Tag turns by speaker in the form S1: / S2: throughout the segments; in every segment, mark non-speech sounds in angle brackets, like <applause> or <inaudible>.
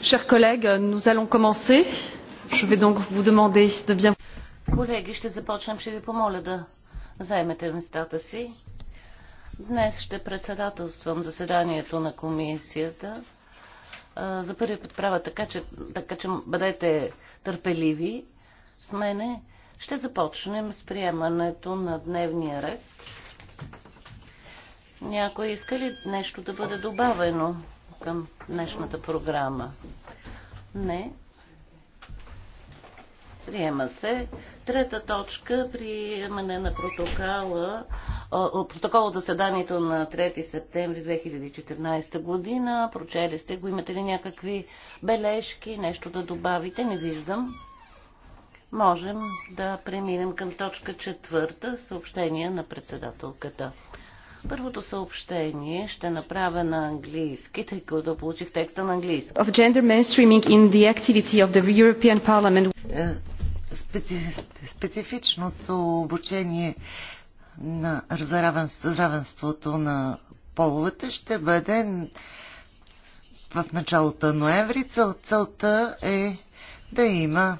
S1: Chers collègues, nous allons commencer. Je vais donc vous demander de bien.
S2: Колеги, ще започнем. Ще ви помоля да заемете местата си. Днес ще председателствам заседанието на комисията. За първи път правя така, че, така, че бъдете търпеливи с мене. Ще започнем с приемането на дневния ред. Някой иска ли нещо да бъде добавено към днешната програма? Не. Приема се. Трета точка приемане на протокола, протокол от заседанието на 3 септември 2014 година. Прочели сте го. Имате ли някакви бележки, нещо да добавите? Не виждам. Можем да преминем към точка четвърта, съобщение на председателката. Първото съобщение ще направя на английски, тъй като получих текста на английски.
S1: Of gender mainstreaming in the activity of the European Parliament. Е,
S3: специ... Специфичното обучение на равенството на половете ще бъде в началото ноември. целта е да има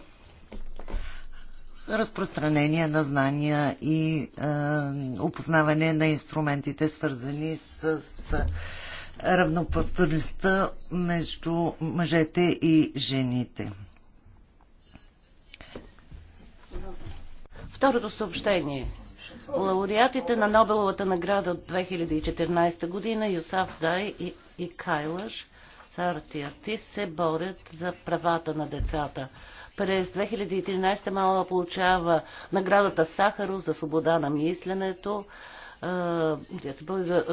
S3: разпространение на знания и е, опознаване на инструментите, свързани с, с е, равноправността между мъжете и жените.
S2: Второто съобщение. Лауреатите на Нобеловата награда от 2014 година Юсаф Зай и, и Кайлаш Сарти артист се борят за правата на децата – през 2013 Мала получава наградата Сахаров за свобода на мисленето,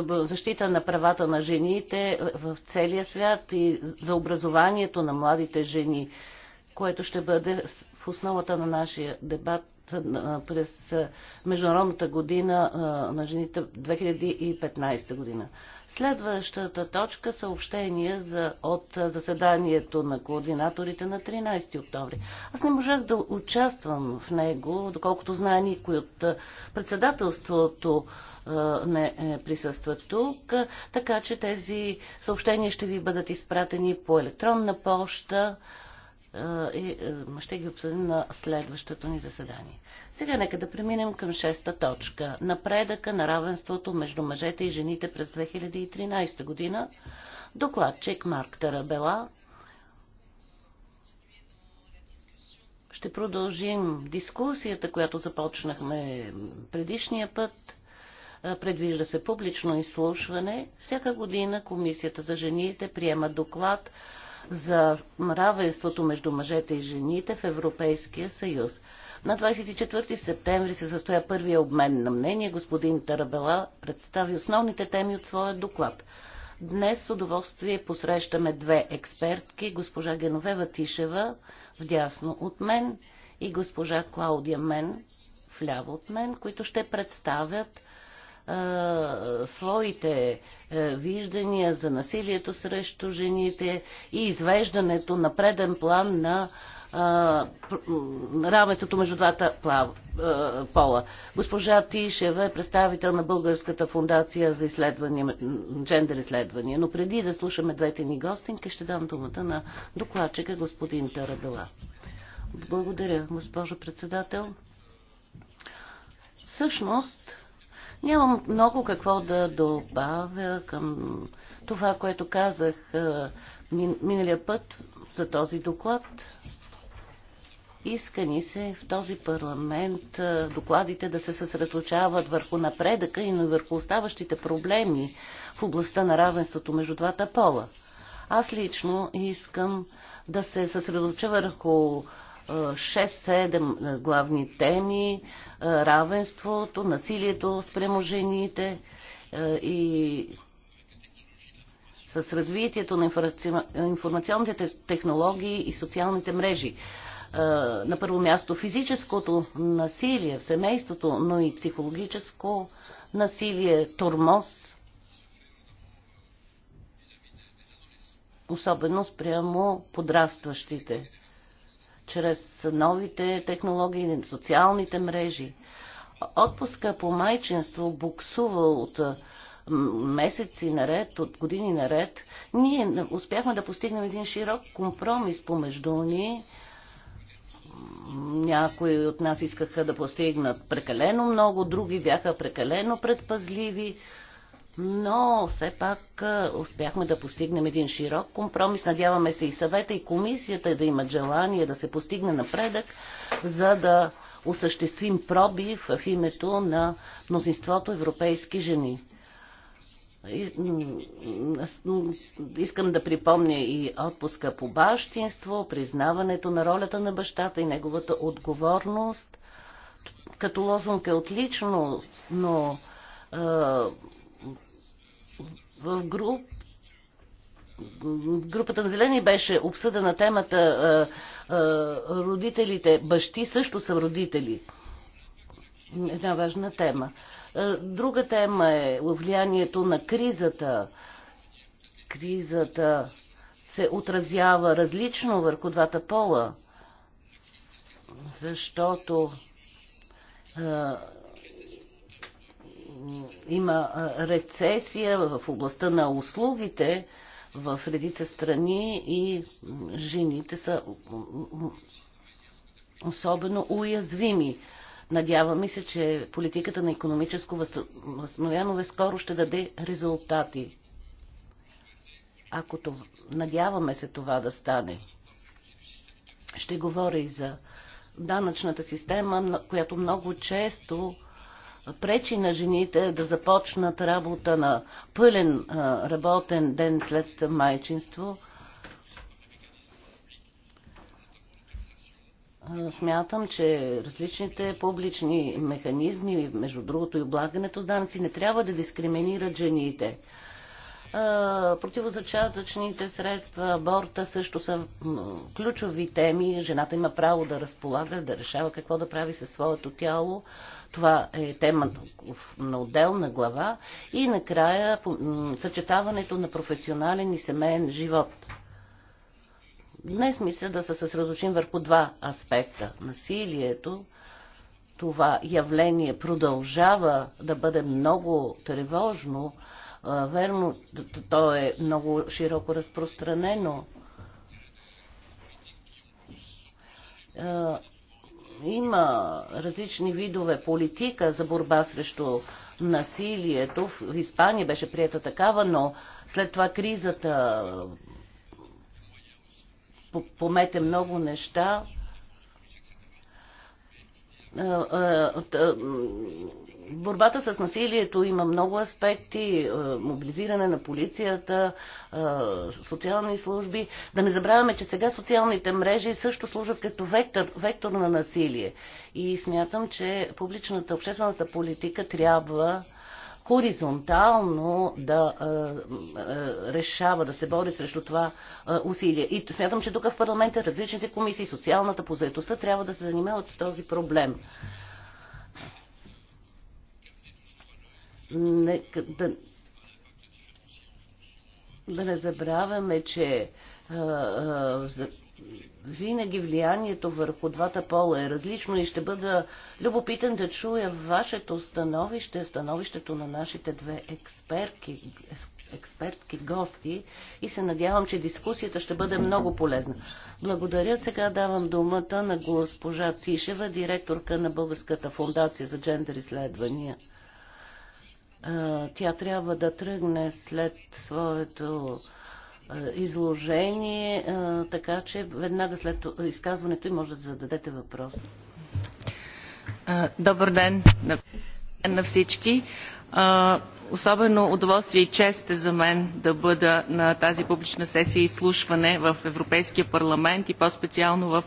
S2: защита на правата на жените в целия свят и за образованието на младите жени, което ще бъде в основата на нашия дебат през Международната година на жените 2015 година. Следващата точка съобщение за, от заседанието на координаторите на 13 октомври. Аз не можах да участвам в него, доколкото знае никой от председателството не е, присъства тук, така че тези съобщения ще ви бъдат изпратени по електронна поща и ще ги обсъдим на следващото ни заседание. Сега нека да преминем към шеста точка. Напредъка на равенството между мъжете и жените през 2013 година. Докладчик Марк Тарабела. Ще продължим дискусията, която започнахме предишния път. Предвижда се публично изслушване. Всяка година Комисията за жените приема доклад за равенството между мъжете и жените в Европейския съюз. На 24 септември се състоя първия обмен на мнение. Господин Тарабела представи основните теми от своя доклад. Днес с удоволствие посрещаме две експертки, госпожа Геновева Тишева, вдясно от мен, и госпожа Клаудия Мен, вляво от мен, които ще представят своите виждания за насилието срещу жените и извеждането на преден план на равенството между двата пола. Госпожа Тишева е представител на Българската фундация за изследвания, джендер изследвания, но преди да слушаме двете ни гостинки, ще дам думата на докладчика господин Тарабела. Благодаря, госпожо председател. Всъщност, Нямам много какво да добавя към това, което казах миналия път за този доклад. Иска ни се в този парламент докладите да се съсредоточават върху напредъка и върху оставащите проблеми в областта на равенството между двата пола. Аз лично искам да се съсредоточа върху 6-7 главни теми равенството, насилието спрямо жените и с развитието на информационните технологии и социалните мрежи. На първо място физическото насилие в семейството, но и психологическо насилие, тормоз, особено спрямо подрастващите чрез новите технологии, социалните мрежи. Отпуска по майчинство буксува от месеци наред, от години наред. Ние успяхме да постигнем един широк компромис помежду ни. Някои от нас искаха да постигнат прекалено много, други бяха прекалено предпазливи но все пак успяхме да постигнем един широк компромис. Надяваме се и съвета, и комисията да имат желание да се постигне напредък, за да осъществим пробив в името на мнозинството европейски жени. Искам да припомня и отпуска по бащинство, признаването на ролята на бащата и неговата отговорност. Като лозунг е отлично, но в груп групата на зелени беше обсъдена темата а, а, родителите, бащи също са родители. Една важна тема. Друга тема е влиянието на кризата. Кризата се отразява различно върху двата пола, защото а, има рецесия в областта на услугите в редица страни и жените са особено уязвими. Надяваме се, че политиката на економическо възстановяване скоро ще даде резултати. Ако това, надяваме се това да стане. Ще говоря и за данъчната система, която много често пречи на жените да започнат работа на пълен работен ден след майчинство. Смятам, че различните публични механизми, между другото и облагането с данъци, не трябва да дискриминират жените противозачатъчните средства, аборта също са ключови теми. Жената има право да разполага, да решава какво да прави със своето тяло. Това е тема на отделна глава. И накрая съчетаването на професионален и семейен живот. Днес мисля да се съсредоточим върху два аспекта. Насилието, това явление продължава да бъде много тревожно, Верно, то е много широко разпространено. Има различни видове политика за борба срещу насилието. В Испания беше прията такава, но след това кризата помете много неща борбата с насилието има много аспекти, е, мобилизиране на полицията, е, социални служби. Да не забравяме, че сега социалните мрежи също служат като вектор, вектор на насилие. И смятам, че публичната, обществената политика трябва хоризонтално да а, е, а, решава, да се бори срещу това а, усилие. И смятам, че тук в парламента различните комисии, социалната позаетостта трябва да се занимават с този проблем. не, да, да не забравяме, че а, а, винаги влиянието върху двата пола е различно и ще бъда любопитен да чуя вашето становище, становището на нашите две експерки, експертки гости и се надявам, че дискусията ще бъде много полезна. Благодаря. Сега давам думата на госпожа Тишева, директорка на Българската фундация за джендър изследвания. Тя трябва да тръгне след своето изложение, така че веднага след изказването и може да зададете въпрос.
S4: Добър ден на всички особено удоволствие и чест е за мен да бъда на тази публична сесия изслушване в Европейския парламент и по-специално в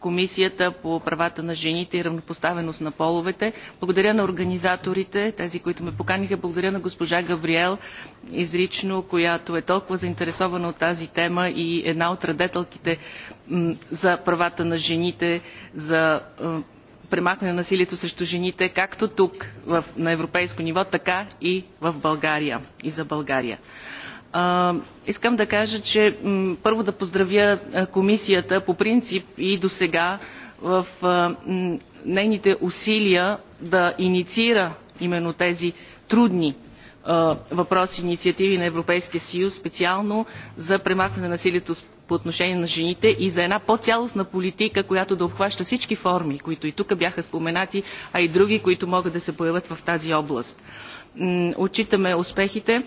S4: Комисията по правата на жените и равнопоставеност на половете. Благодаря на организаторите, тези, които ме поканиха. Благодаря на госпожа Габриел изрично, която е толкова заинтересована от тази тема и една от радетелките за правата на жените, за премахване на насилието срещу жените както тук в, на европейско ниво, така и в България и за България. А, искам да кажа, че м, първо да поздравя комисията по принцип и до сега в а, м, нейните усилия да инициира именно тези трудни въпроси инициативи на Европейския съюз, специално за премахване на насилието по отношение на жените и за една по-цялостна политика, която да обхваща всички форми, които и тук бяха споменати, а и други, които могат да се появят в тази област. Отчитаме успехите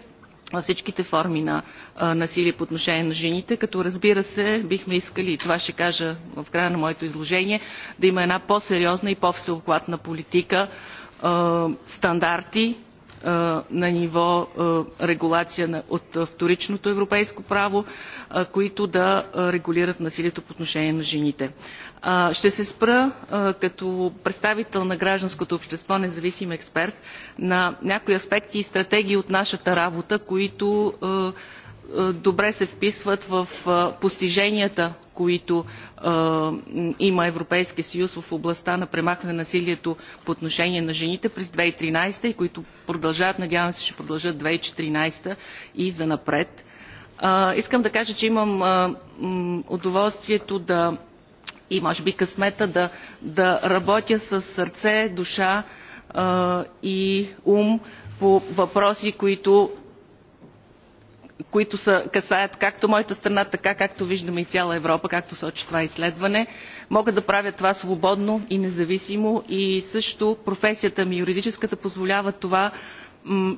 S4: във всичките форми на насилие по отношение на жените, като разбира се, бихме искали, и това ще кажа в края на моето изложение, да има една по-сериозна и по-всеобхватна политика, стандарти, на ниво регулация от вторичното европейско право, които да регулират насилието по отношение на жените. Ще се спра като представител на гражданското общество, независим експерт, на някои аспекти и стратегии от нашата работа, които е, добре се вписват в е, постиженията, които е, има Европейския съюз в областта на премахване на насилието по отношение на жените през 2013 и които продължават, надявам се, ще продължат 2014 и занапред. Искам да кажа, че имам удоволствието да и може би късмета да, да работя с сърце, душа и ум по въпроси, които които са, касаят както моята страна, така както виждаме и цяла Европа, както сочи това изследване. Мога да правя това свободно и независимо и също професията ми, юридическата, позволява това,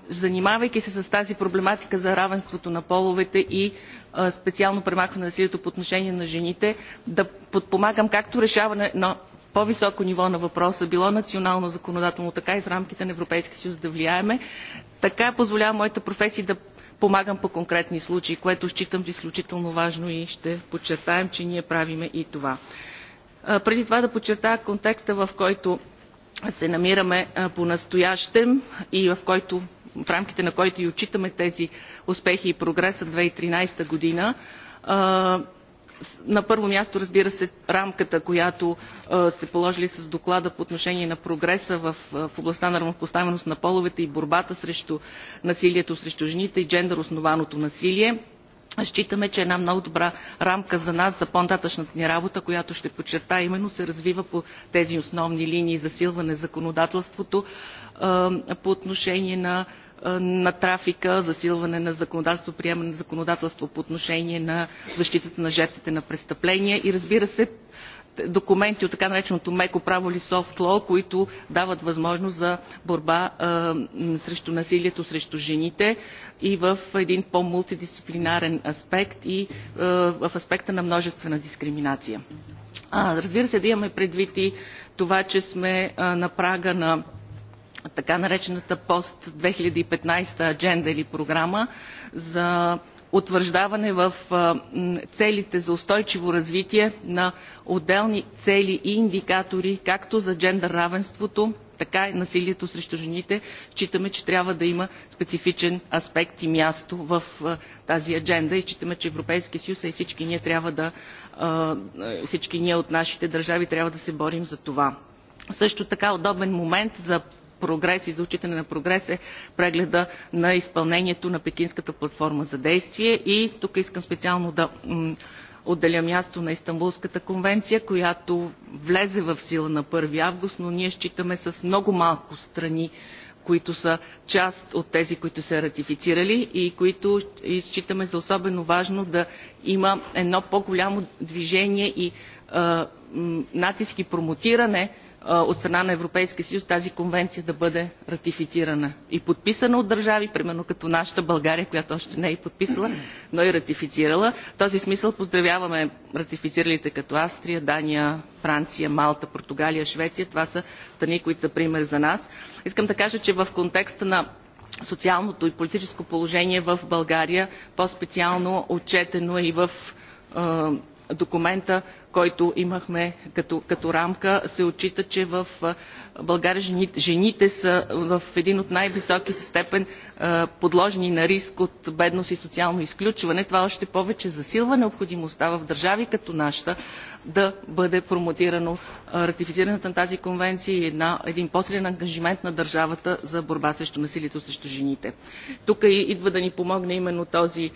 S4: занимавайки се с тази проблематика за равенството на половете и специално премахване на насилието по отношение на жените, да подпомагам както решаване на по високо ниво на въпроса било национално законодателно така и в рамките на европейския съюз да влияеме така позволява моята професия да помагам по конкретни случаи, което считам изключително важно и ще подчертаем, че ние правиме и това. Преди това да подчертая контекста, в който се намираме по-настоящем и в, който, в рамките на който и отчитаме тези успехи и прогреса 2013 година на първо място разбира се рамката която сте положили с доклада по отношение на прогреса в областта на равнопоставеност на половете и борбата срещу насилието срещу жените и джендър основаното насилие считаме че една много добра рамка за нас за по нататъчната ни работа която ще подчерта, именно се развива по тези основни линии засилване законодателството по отношение на на трафика, засилване на законодателство, приемане на законодателство по отношение на защитата на жертвите на престъпления и разбира се документи от така нареченото меко право или soft law, които дават възможност за борба срещу насилието срещу жените и в един по-мултидисциплинарен аспект и в аспекта на множествена дискриминация. Разбира се, да имаме предвид и това, че сме на прага на така наречената пост 2015 адженда или програма за утвърждаване в целите за устойчиво развитие на отделни цели и индикатори както за джендър равенството, така и насилието срещу жените. Считаме, че трябва да има специфичен аспект и място в тази адженда и считаме, че Европейския съюз, а и всички ние, трябва да, всички ние от нашите държави трябва да се борим за това. Също така удобен момент за прогрес и за отчитане на прогрес е прегледа на изпълнението на Пекинската платформа за действие. И тук искам специално да отделя място на Истанбулската конвенция, която влезе в сила на 1 август, но ние считаме с много малко страни които са част от тези, които са ратифицирали и които считаме за особено важно да има едно по-голямо движение и натиски промотиране от страна на европейския съюз тази конвенция да бъде ратифицирана и подписана от държави примерно като нашата българя която още не е и подписала но и е ратифицирала. в този смисъл поздравяваме ратифициралите като австрия дания франция малта португалия швеция. това са страни които са пример за нас. искам да кажа че в контекста на социалното и политическо положение в българя по специално отчетено е и в документа който имахме като, като рамка, се отчита, че в България жените, жените са в един от най-високите степен подложени на риск от бедност и социално изключване. Това още повече засилва необходимостта в държави като нашата да бъде промотирано ратифицирането на тази конвенция и една, един по ангажимент на държавата за борба срещу насилието срещу жените. Тук идва да ни помогне именно този,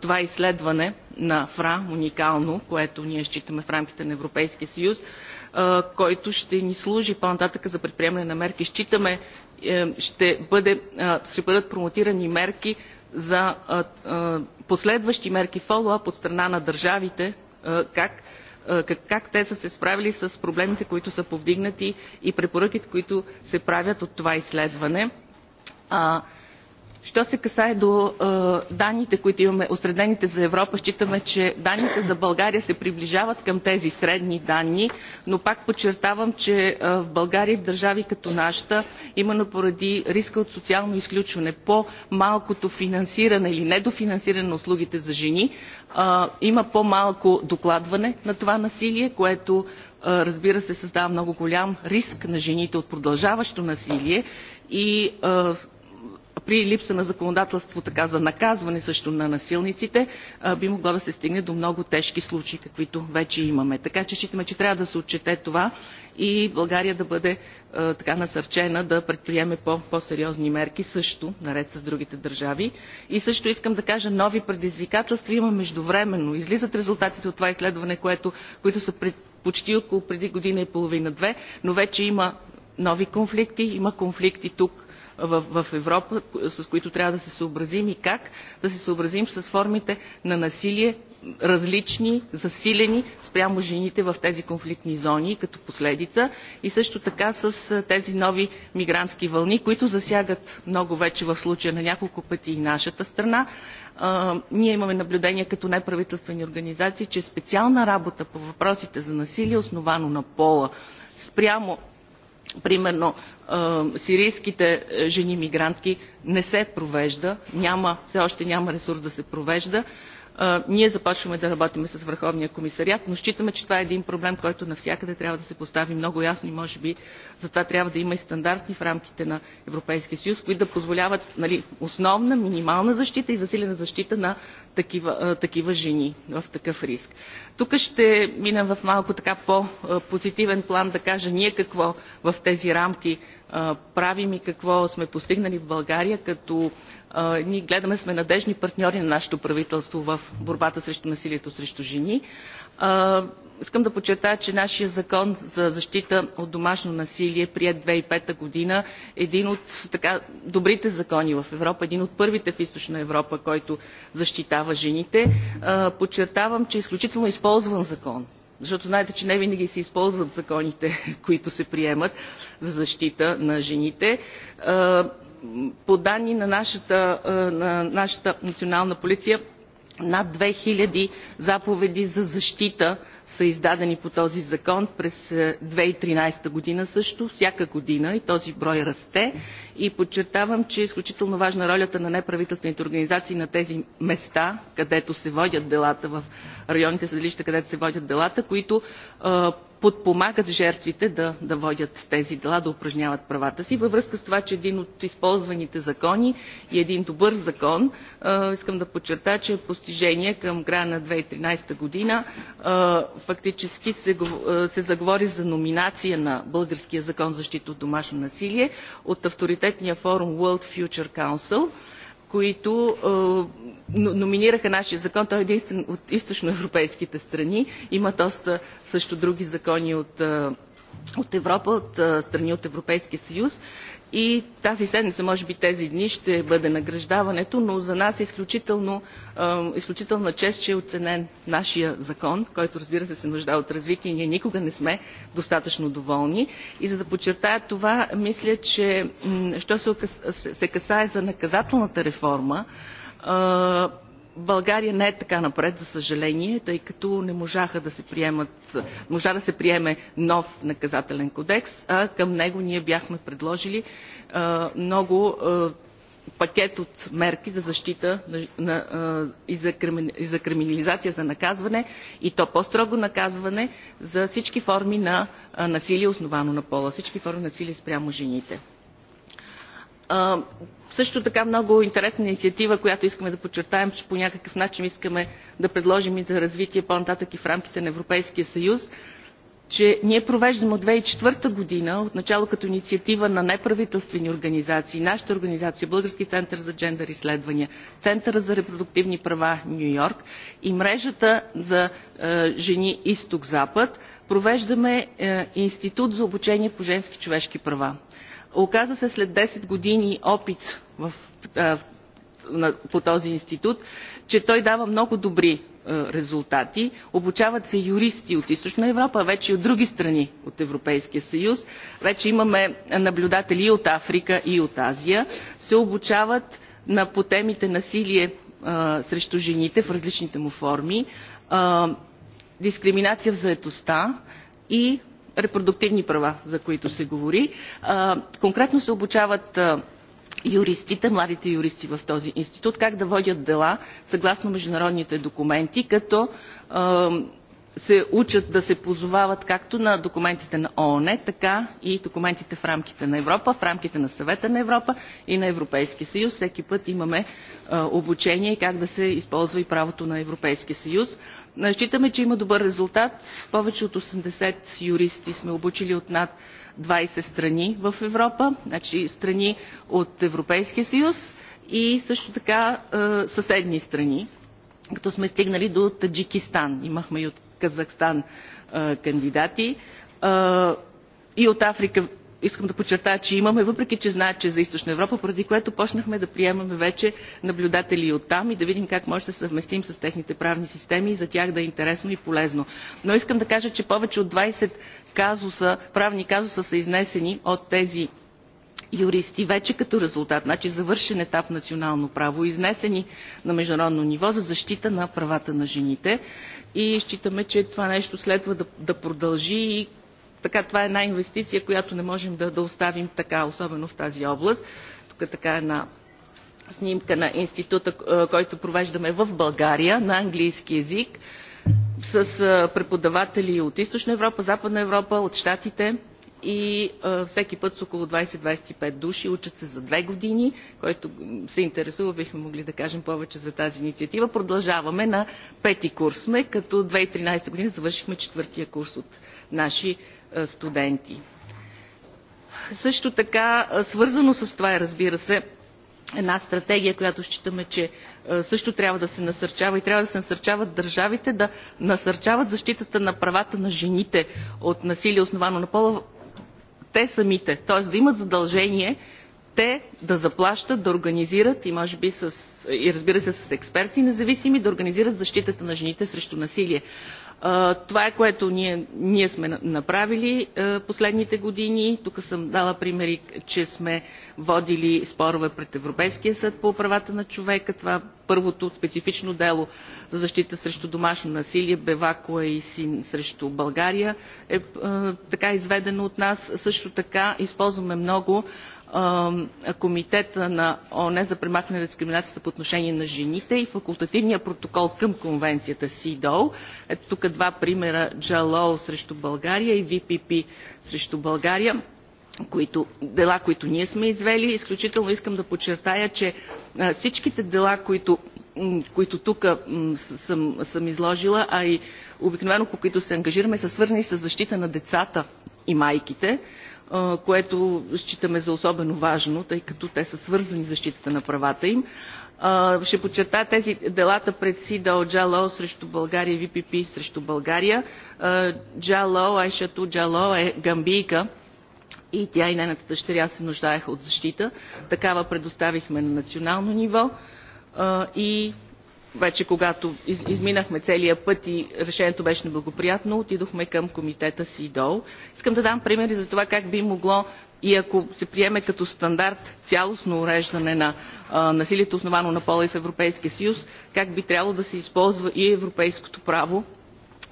S4: това изследване на ФРА, уникално, което ние считаме в рамките на Европейския съюз, който ще ни служи по-нататък за предприемане на мерки. Считаме, е, ще, бъде, ще бъдат промотирани мерки за последващи мерки, фоллоуап от страна на държавите, как как те са се справили с проблемите, които са повдигнати и препоръките, които се правят от това изследване. Що се касае до е, данните, които имаме, осредените за Европа, считаме, че данните за България се приближават към тези средни данни, но пак подчертавам, че е, в България и в държави като нашата, именно поради риска от социално изключване, по-малкото финансиране или недофинансиране на услугите за жени, е, има по-малко докладване на това насилие, което е, разбира се, създава много голям риск на жените от продължаващо насилие и е, при липса на законодателство така за наказване също на насилниците би могло да се стигне до много тежки случаи, каквито вече имаме. Така че считаме, че трябва да се отчете това и България да бъде така насърчена да предприеме по-сериозни мерки също, наред с другите държави. И също искам да кажа, нови предизвикателства има междувременно. Излизат резултатите от това изследване, което, които са пред, почти около преди година и половина-две, но вече има нови конфликти, има конфликти тук в, Европа, с които трябва да се съобразим и как да се съобразим с формите на насилие, различни, засилени спрямо жените в тези конфликтни зони като последица и също така с тези нови мигрантски вълни, които засягат много вече в случая на няколко пъти и нашата страна. А, ние имаме наблюдение като неправителствени организации, че специална работа по въпросите за насилие, основано на пола, спрямо примерно сирийските жени мигрантки не се провежда, няма, все още няма ресурс да се провежда. Ние започваме да работим с Върховния комисариат, но считаме, че това е един проблем, който навсякъде трябва да се постави много ясно и може би затова трябва да има и стандарти в рамките на Европейския съюз, които да позволяват нали, основна, минимална защита и засилена защита на такива, такива жени в такъв риск. Тук ще минем в малко така по-позитивен план да кажа ние какво в тези рамки правим и какво сме постигнали в България, като ние гледаме сме надежни партньори на нашето правителство в борбата срещу насилието срещу жени искам да подчертая че нашият закон за защита от домашно насилие приет през 2005 г. е един от добрите закони в европа един от първите в източна европа който защитава жените. подчертавам че е изключително използван закон защото знаете че невинаги се използват законите <laughs> които се приемат за защита на жените. по данни на нашата национална полиция над 2000 заповеди за защита са издадени по този закон през 2013 е, година също, всяка година и този брой расте. И подчертавам, че е изключително важна ролята на неправителствените организации на тези места, където се водят делата, в районните съдилища, където се водят делата, които е, подпомагат жертвите да, да водят тези дела, да упражняват правата си. Във връзка с това, че един от използваните закони и един добър закон, а, искам да подчертая, че постижение към края на 2013 година а, фактически се, а, се заговори за номинация на Българския закон за защита от домашно насилие от авторитетния форум World Future Council – които е, номинираха нашия закон. Той е единствен от източноевропейските страни. Има доста също други закони от е, Европа, от е, страни от Европейския съюз и тази седмица, може би тези дни ще бъде награждаването, но за нас е изключително, изключителна чест, че е оценен нашия закон, който разбира се се нуждае от развитие. Ние никога не сме достатъчно доволни. И за да подчертая това, мисля, че що се, се касае за наказателната реформа, България не е така напред, за съжаление, тъй като не можаха да се приемат, можа да се приеме нов наказателен кодекс, а към него ние бяхме предложили много пакет от мерки за защита и за криминализация за наказване и то по строго наказване за всички форми на насилие основано на пола всички форми на насилие спрямо жените също така много интересна инициатива която искаме да подчертаем че по някакъв начин искаме да предложим и за развитие по нататък и в рамките на европейския съюз че ние провеждаме от 2004 година, отначало като инициатива на неправителствени организации, нашата организация, Български център за джендър изследвания, Центъра за репродуктивни права Нью Йорк и мрежата за е, жени Изток-Запад, провеждаме е, институт за обучение по женски човешки права. Оказа се след 10 години опит в, а, по този институт, че той дава много добри резултати. Обучават се юристи от Източна Европа, вече и от други страни от Европейския съюз. Вече имаме наблюдатели и от Африка, и от Азия. Се обучават на, по темите насилие а, срещу жените в различните му форми, а, дискриминация в заетостта и репродуктивни права, за които се говори. Конкретно се обучават юристите, младите юристи в този институт, как да водят дела съгласно международните документи, като се учат да се позовават както на документите на ООН, така и документите в рамките на Европа, в рамките на Съвета на Европа и на Европейския съюз. Всеки път имаме обучение как да се използва и правото на Европейския съюз. Считаме, че има добър резултат. Повече от 80 юристи сме обучили от над 20 страни в Европа, значи страни от Европейския съюз и също така съседни страни като сме стигнали до Таджикистан. Имахме и от Казахстан е, кандидати. Е, и от Африка искам да подчертая, че имаме, въпреки че знаят, че е за Източна Европа, поради което почнахме да приемаме вече наблюдатели от там и да видим как може да се съвместим с техните правни системи и за тях да е интересно и полезно. Но искам да кажа, че повече от 20 казуса, правни казуса са изнесени от тези юристи вече като резултат, значи завършен етап национално право, изнесени на международно ниво за защита на правата на жените. И считаме, че това нещо следва да, да продължи и така, това е една инвестиция, която не можем да, да оставим така, особено в тази област. Тук е така една снимка на института, който провеждаме в България на английски язик с преподаватели от Източна Европа, Западна Европа, от Штатите – и всеки път с около 20-25 души. Учат се за две години. Който се интересува, бихме могли да кажем повече за тази инициатива. Продължаваме на пети курс сме, като 2013 година завършихме четвъртия курс от наши студенти. Също така, свързано с това е, разбира се, една стратегия, която считаме, че също трябва да се насърчава и трябва да се насърчават държавите да насърчават защитата на правата на жените от насилие, основано на пола те самите, т.е. да имат задължение те да заплащат, да организират и може би с, и разбира се с експерти независими, да организират защитата на жените срещу насилие. Това е което ние ние сме направили последните години. Тук съм дала примери, че сме водили спорове пред Европейския съд по правата на човека. Това първото специфично дело за защита срещу домашно насилие Бевакуа е и син срещу България е така изведено от нас. Също така използваме много Комитета на ООН за премахване на дискриминацията по отношение на жените и факултативния протокол към конвенцията СИДОУ. Ето тук два примера Джалоу срещу България и ВПП срещу България които, дела, които ние сме извели. Изключително искам да подчертая, че всичките дела, които, които тук съм, съм изложила, а и обикновено по които се ангажираме, са свързани с защита на децата и майките което считаме за особено важно, тъй като те са свързани с защитата на правата им. Ще подчерта тези делата пред СИДАО, Джало срещу България и ВПП срещу България. джало, Айшату Джало е гамбийка и тя и нейната дъщеря се нуждаеха от защита. Такава предоставихме на национално ниво и вече когато изминахме целия път и решението беше неблагоприятно, отидохме към комитета СИДОЛ. Искам да дам примери за това как би могло и ако се приеме като стандарт цялостно уреждане на насилието основано на пола и в Европейския съюз, как би трябвало да се използва и европейското право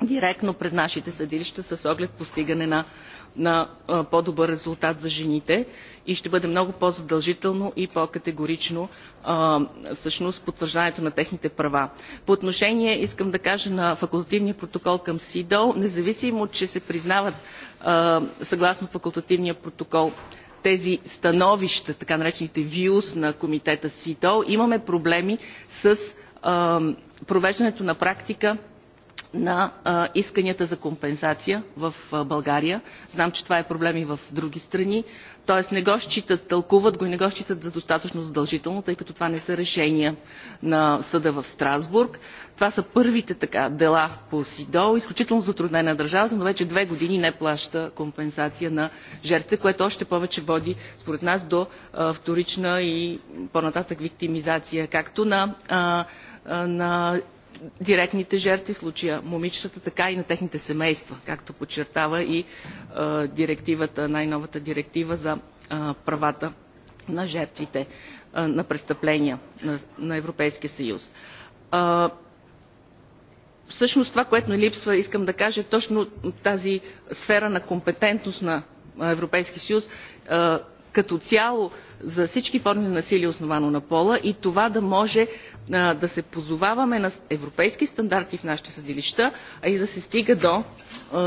S4: директно пред нашите съдилища с оглед постигане на на по добър резултат за жените и ще бъде много по задължително и по категорично всъщност потвърждането на техните права. по отношение искам да кажа на факултативния протокол към СИДО, независимо че се признават съгласно факултативния протокол тези становища така наречените views на комитета СИДО, имаме проблеми с провеждането на практика на исканията за компенсация в България. Знам, че това е проблем и в други страни. Тоест не го считат, тълкуват го и не го считат за достатъчно задължително, тъй като това не са решения на съда в Страсбург. Това са първите така дела по СИДО. Изключително затруднена държава, но вече две години не плаща компенсация на жертвите, което още повече води, според нас, до вторична и по-нататък виктимизация, както на на директните жертви, в случая момичетата, така и на техните семейства, както подчертава и е, директивата, най-новата директива за е, правата на жертвите е, на престъпления на Европейския съюз. Всъщност това, което ни липсва, искам да кажа, е точно тази сфера на компетентност на Европейския съюз като цяло за всички форми на насилие, основано на пола и това да може да се позоваваме на европейски стандарти в нашите съдилища, а и да се стига до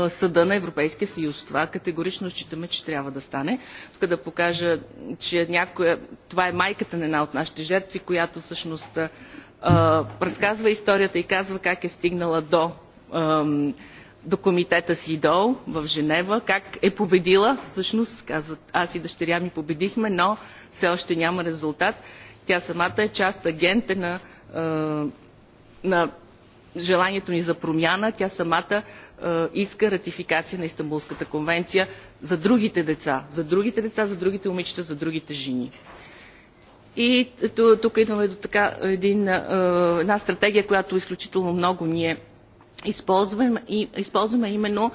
S4: Съда на Европейския съюз. Това категорично считаме, че трябва да стане. Тук да покажа, че някоя... това е майката на една от нашите жертви, която всъщност разказва историята и казва как е стигнала до до комитета СИДОЛ в Женева, как е победила, всъщност казват аз и дъщеря ми победихме, но все още няма резултат. Тя самата е част агент е на, е, на желанието ни за промяна. Тя самата иска ратификация на Истанбулската конвенция за другите деца, за другите деца, за другите момичета, за другите жени. И тук идваме до така един, една стратегия, която изключително много ние използваме именно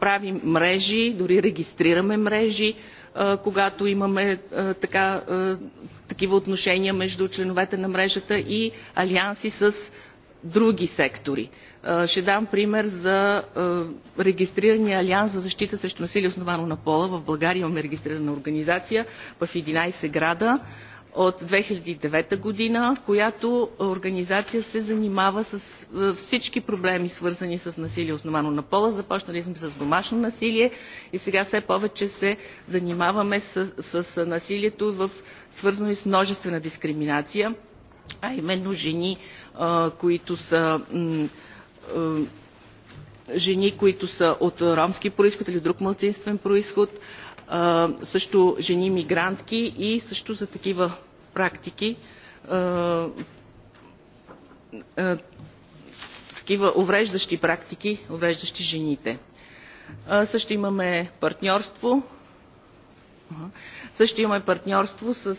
S4: прави мрежи, дори регистрираме мрежи, когато имаме такива отношения между членовете на мрежата и алианси с други сектори. Ще дам пример за регистрирания Алианс за защита срещу насилие, основано на пола. В България имаме регистрирана организация в 11 града от 2009 година, която организация се занимава с е, всички проблеми, свързани с насилие, основано на пола. Започнали сме с домашно насилие и сега все повече се занимаваме с, с насилието, в, свързано с множествена дискриминация, а именно жени, а, е, които са е, жени, които са от ромски происход или друг мълцинствен происход, също жени мигрантки и също за такива практики, такива увреждащи практики, увреждащи жените. Също имаме партньорство също имаме партньорство с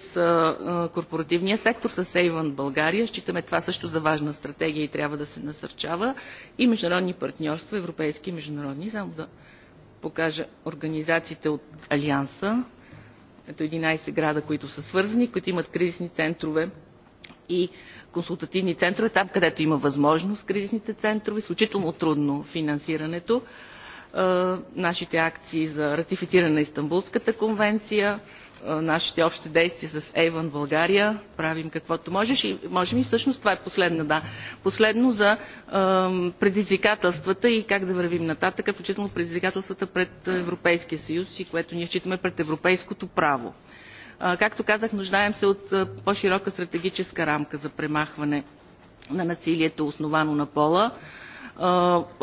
S4: корпоративния сектор, с Avon България. Считаме това също за важна стратегия и трябва да се насърчава. И международни партньорства, европейски и международни. Само да покажа организациите от Алианса ето 11 града, които са свързани, които имат кризисни центрове и консултативни центрове, там където има възможност кризисните центрове, изключително трудно финансирането, е, нашите акции за ратифициране на Истанбулската конвенция, нашите общи действия с Avon България. Правим каквото можеш и можем и всъщност това е последно, да. Последно за е, предизвикателствата и как да вървим нататък, включително предизвикателствата пред Европейския съюз и което ние считаме пред европейското право. Е, както казах, нуждаем се от е, по-широка стратегическа рамка за премахване на насилието, основано на пола. Е,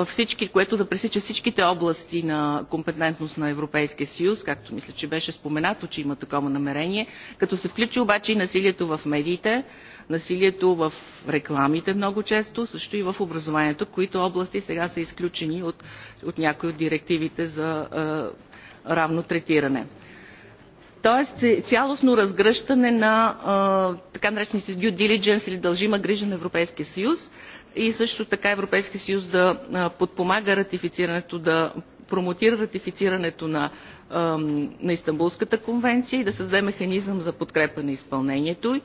S4: всички, което да пресича всичките области на компетентност на Европейския съюз, както мисля, че беше споменато, че има такова намерение, като се включи обаче и насилието в медиите, насилието в рекламите много често, също и в образованието, които области сега са изключени от, от някои от директивите за равно третиране тоест е цялостно разгръщане на така наречените due diligence или дължима грижа на Европейския съюз и също така Европейския съюз да подпомага ратифицирането, да промотира ратифицирането на, на Истанбулската конвенция и да създаде механизъм за подкрепа на изпълнението.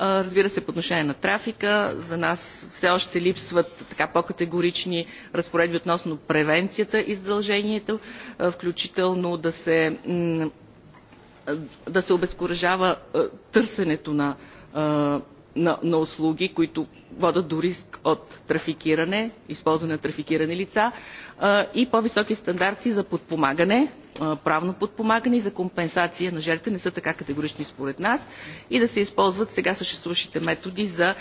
S4: Разбира се, по отношение на трафика, за нас все още липсват така по-категорични разпоредби относно превенцията и задължението, включително да се е, да се обезкуражава е, търсенето на, е, на, на услуги, които водят до риск от трафикиране, използване на трафикирани лица и по-високи стандарти за подпомагане, правно подпомагане и за компенсация на жертвите не са така категорични според нас и да се използват сега съществуващите методи за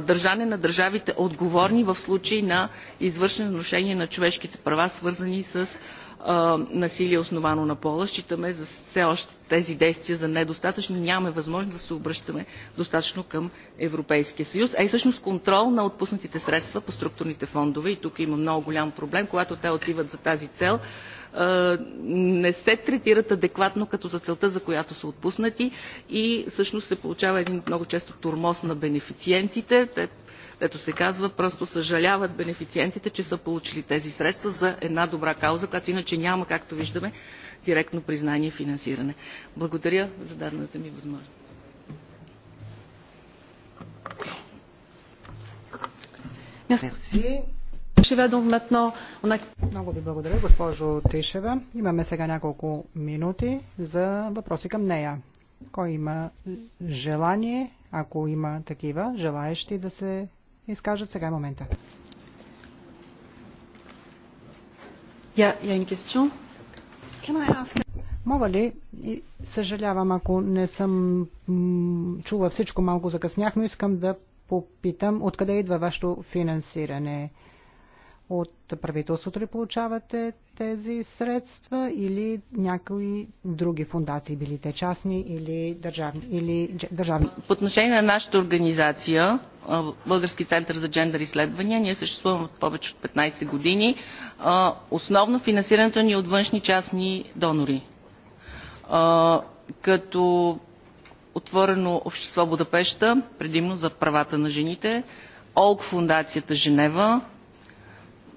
S4: държане на държавите отговорни в случай на извършено нарушение на човешките права, свързани с насилие основано на пола. Считаме за все още тези действия за недостатъчни. Нямаме възможност да се обръщаме достатъчно към Европейския съюз. А и всъщност контрол на отпуснатите средства по структурните фондове. И тук има много голям проблем, когато те отиват за тази цел не се третират адекватно като за целта, за която са отпуснати и всъщност се получава един много често турмоз на бенефициентите. Те дето се казва, просто съжаляват бенефициентите, че са получили тези средства за една добра кауза, която иначе няма, както виждаме, директно признание и финансиране. Благодаря за дадената ми възможност.
S1: Мерси. Много ви благодаря, госпожо Тишева. Имаме сега няколко минути за въпроси към нея. Кой има желание, ако има такива, желаещи да се изкажат сега момента. Мога ли, и съжалявам ако не съм чула всичко, малко закъснях, но искам да попитам откъде идва вашето финансиране. От правителството ли получавате тези средства или някои други фундации, били те частни или държавни? Или държавни?
S4: По отношение на нашата организация, Български център за джендър изследвания, ние съществуваме от повече от 15 години. Основно финансирането ни е от външни частни донори. Като отворено общество Будапешта, предимно за правата на жените, ОЛК фундацията Женева,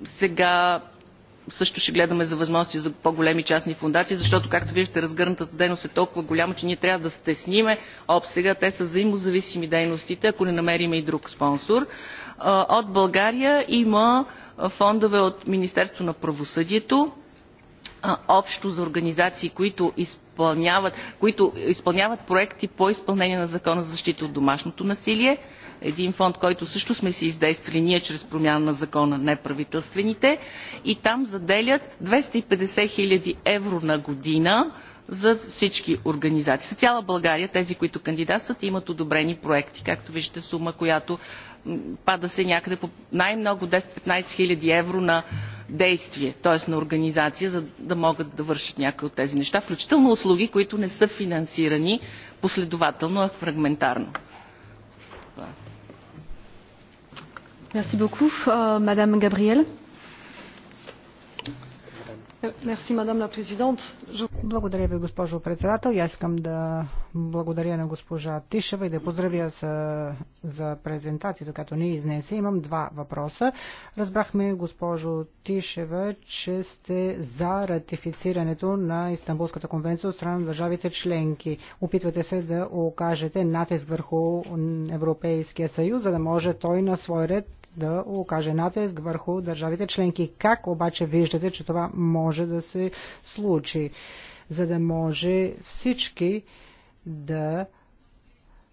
S4: сега също ще гледаме за възможности за по-големи частни фундации, защото, както виждате, разгърнатата дейност е толкова голяма, че ние трябва да стесниме обсега. Те са взаимозависими дейностите, ако не намерим и друг спонсор. От България има фондове от Министерство на правосъдието, общо за организации, които изпълняват, които изпълняват проекти по изпълнение на Закона за защита от домашното насилие. Един фонд, който също сме си издействали ние чрез промяна на закона неправителствените. И там заделят 250 000 евро на година за всички организации. За цяла България тези, които кандидатстват, имат одобрени проекти. Както виждате, сума, която пада се някъде по най-много 10-15 хиляди евро на действие, т.е. на организация, за да могат да вършат някои от тези неща, включително услуги, които не са финансирани последователно, а фрагментарно.
S1: Merci beaucoup, euh, Madame Gabrielle. Merci, Madame la Présidente. Je... Благодаря ви, госпожо председател. Я искам да благодаря на госпожа Тишева и да поздравя за, за презентацията, като ни изнесе. Имам два въпроса. Разбрахме, госпожо Тишева, че сте за ратифицирането на Истанбулската конвенция от страна на държавите членки. Опитвате се да окажете натиск върху Европейския съюз, за да може той на свой ред да окаже натиск върху държавите членки. Как обаче виждате, че това може да се случи, за да може всички да